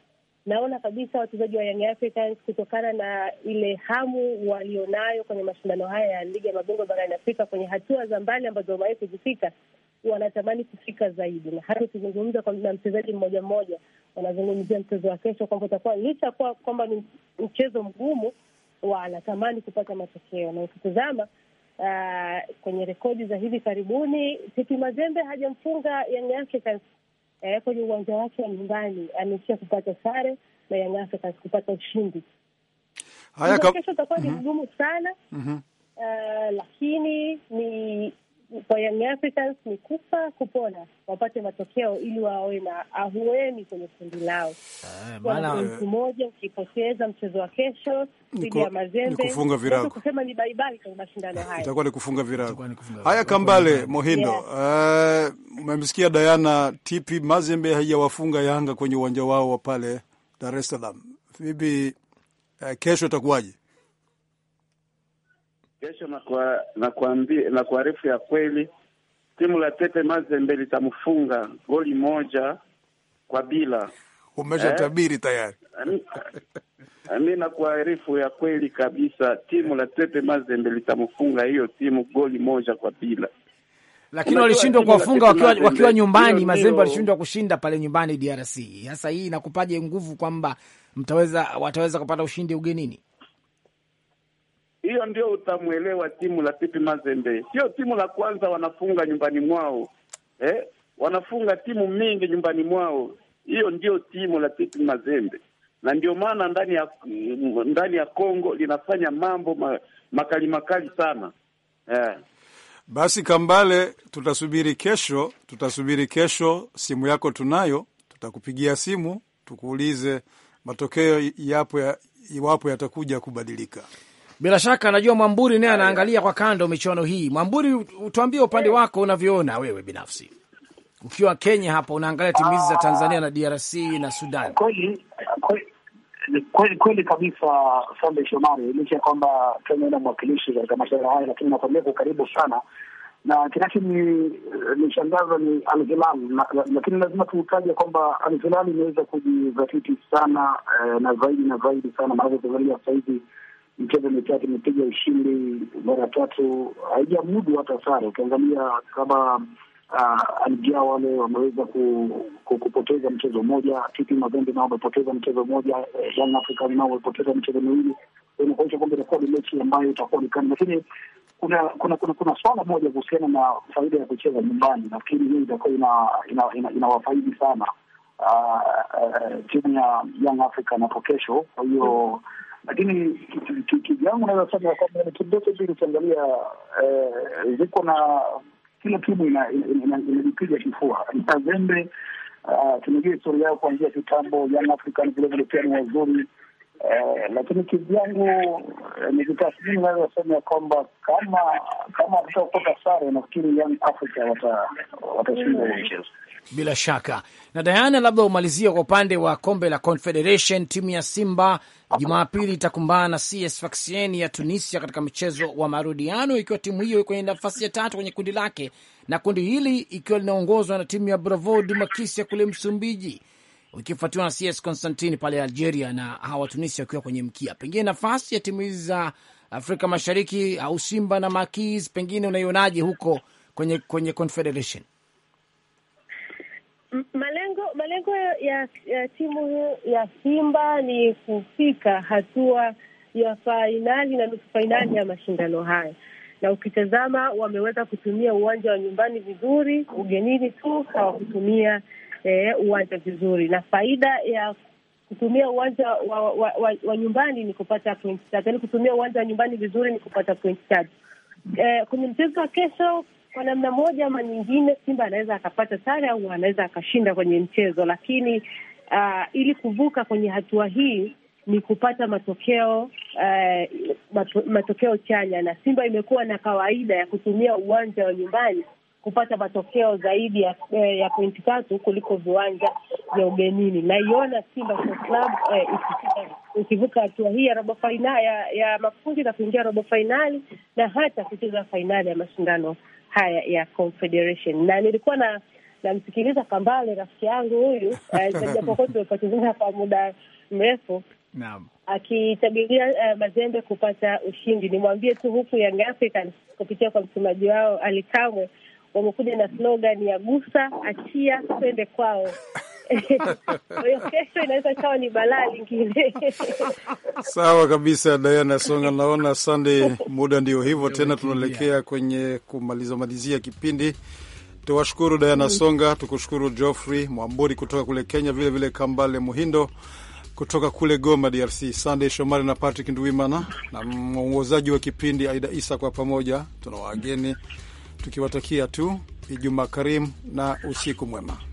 naona kabisa wachezaji wa Young Africans kutokana na ile hamu walionayo kwenye mashindano haya ya ligi ya mabingwa barani Afrika kwenye hatua za mbali ambazo wamewahi kuzifika wanatamani kufika zaidi, na hata ukizungumza na mchezaji mmoja mmoja, wanazungumzia mchezo wa kesho kwamba utakuwa licha kuwa kwamba ni mchezo mgumu, wanatamani kupata matokeo. Na ukitizama uh, kwenye rekodi za hivi karibuni, Tipi Mazembe hajamfunga Young Africans eh, kwenye uwanja wake wa nyumbani ameishia kupata sare na Young Africans kupata ushindi. Haya, kesho itakuwa ni vigumu mhm. sana mm -hmm. Uh, lakini ni kwa Young Africans ni kufa kupona, wapate matokeo ili wawe na ahueni kwenye kundi lao. Eh, Mtu mmoja ukipoteza mchezo wa kesho dhidi ya Mazembe kufunga virago, kusema ni baibai kwenye mashindano haya, itakuwa ni kufunga virago haya. Kambale Mohindo, yeah. Eh, uh, umemsikia Dayana, TP Mazembe haijawafunga Yanga kwenye uwanja wao wa pale Dar es Salaam. Vipi uh, kesho itakuwaje? Kesho na kuarifu ya kweli timu la Tete Mazembe litamfunga goli moja kwa bila. Umeshatabiri eh? Tayari mi na kuarifu ya kweli kabisa timu la Tete Mazembe litamfunga hiyo timu goli moja kwa bila lakini walishindwa kuwafunga wakiwa, wakiwa nyumbani. Mazembe walishindwa kushinda pale nyumbani DRC. Sasa hii inakupaje nguvu kwamba mtaweza wataweza kupata ushindi ugenini? hiyo ndio utamwelewa timu la TP Mazembe. Sio timu la kwanza wanafunga nyumbani mwao eh? Wanafunga timu mingi nyumbani mwao. Hiyo ndio timu la TP Mazembe, na ndio maana ndani ya ndani ya Kongo linafanya mambo ma, makali makali sana eh. Basi Kambale, tutasubiri kesho, tutasubiri kesho. Simu yako tunayo, tutakupigia simu tukuulize matokeo yapo ya, iwapo yatakuja kubadilika. Bila shaka najua Mwamburi naye anaangalia kwa kando michuano hii. Mwamburi, utuambie upande eh. wako unavyoona wewe binafsi ukiwa Kenya hapa unaangalia timu hizi za ah. Tanzania na DRC na Sudan. Kweli kweli kweli kabisa, Sande Shomari, licha ya kwamba Kenya ina mwakilishi katika mashindano haya, lakini nakwambia kwa karibu sana na kinachonishangaza ni Al Hilal, lakini lazima tuutaje kwamba Al Hilal imeweza kujizatiti sana eh, na zaidi na zaidi sana, maanake ukiangalia sahizi michezo mitatu imepiga ushindi mara tatu, haijamudu hata sare. Ukiangalia kama uh, ah, alijaa wale wameweza ku, ku, kupoteza mchezo mmoja, TP Mazembe nao wamepoteza mchezo mmoja, eh, Young Africans nao wamepoteza mchezo miwili. Inakuonyesha kwamba itakuwa ni mechi ambayo itakuwa nikani, lakini kuna kuna kuna, kuna swala moja kuhusiana na faida ya kucheza nyumbani. Nafikiri hiyo itakuwa ina ina, ina sana uh, uh, timu ya Young Africa napo kesho, kwa hiyo mm. Lakini kivyangu naweza sema kwamba ni kidete tu ukiangalia eh, ziko na kila timu inajipiga kifua. Mtazembe ah, tunajua historia yao kuanzia kitambo. Young Africans vilevile pia ni wazuri Eh, lakini kivyangu eh, ni nikitathmini naweza ya kwamba kama kama sare, nafikiri Young Africa watashinda wata huo mchezo bila shaka. Na Diana, labda umalizia kwa upande wa kombe la Confederation, timu ya Simba Jumapili itakumbana na CS Sfaxien ya Tunisia katika mchezo wa marudiano, ikiwa timu hiyo kwenye nafasi ya tatu kwenye kundi lake, na kundi hili ikiwa linaongozwa na timu ya Bravo Dumakisi ya kule Msumbiji ukifuatiwa na CS Constantine pale Algeria na hawa Tunisia wakiwa kwenye mkia. Pengine nafasi ya timu hizi za Afrika Mashariki au Simba na Makis, pengine unaionaje huko kwenye kwenye Confederation? Malengo malengo ya, ya timu ya Simba ni kufika hatua ya fainali na nusu fainali ya mashindano haya, na ukitazama wameweza kutumia uwanja wa nyumbani vizuri, ugenini tu hawakutumia eh, uwanja vizuri, na faida ya kutumia uwanja wa, wa, wa, wa nyumbani ni kupata pointi tatu, yaani kutumia uwanja wa nyumbani vizuri ni kupata pointi tatu. Eh, kwenye mchezo wa kesho, kwa namna moja ama nyingine, Simba anaweza akapata sare au anaweza akashinda kwenye mchezo, lakini uh, ili kuvuka kwenye hatua hii ni kupata matokeo uh, matokeo chanya, na Simba imekuwa na kawaida ya kutumia uwanja wa nyumbani kupata matokeo zaidi ya, eh, ya pointi tatu kuliko viwanja vya ugenini. Naiona Simba Sports Club eh, ikivuka hatua hii ya robo fainali ya, ya makundi na kuingia robo fainali na hata kucheza fainali ya mashindano haya ya Confederation. Na nilikuwa na namsikiliza Kambale rafiki yangu huyu eh, japokuwa tumepatizana kwa muda mrefu naam, uh, Mazembe kupata ushindi. Nimwambie tu huku Young Africans kupitia kwa msemaji wao Alikamwe wamekuja na slogan ya gusa achia, twende kwao. kesho inaweza ni balaa lingine. Sawa kabisa, Diana Songa. Naona Sunday, muda ndio hivyo tena, tunaelekea kwenye kumaliza malizia kipindi. Tuwashukuru Diana Songa, tukushukuru Geoffrey Mwamburi kutoka kule Kenya, vilevile vile Kambale Muhindo kutoka kule Goma, DRC, Sunday Shomari na Patrick Ndwimana na mwongozaji wa kipindi Aida Isa, kwa pamoja tuna wageni tukiwatakia tu Ijumaa karimu na usiku mwema.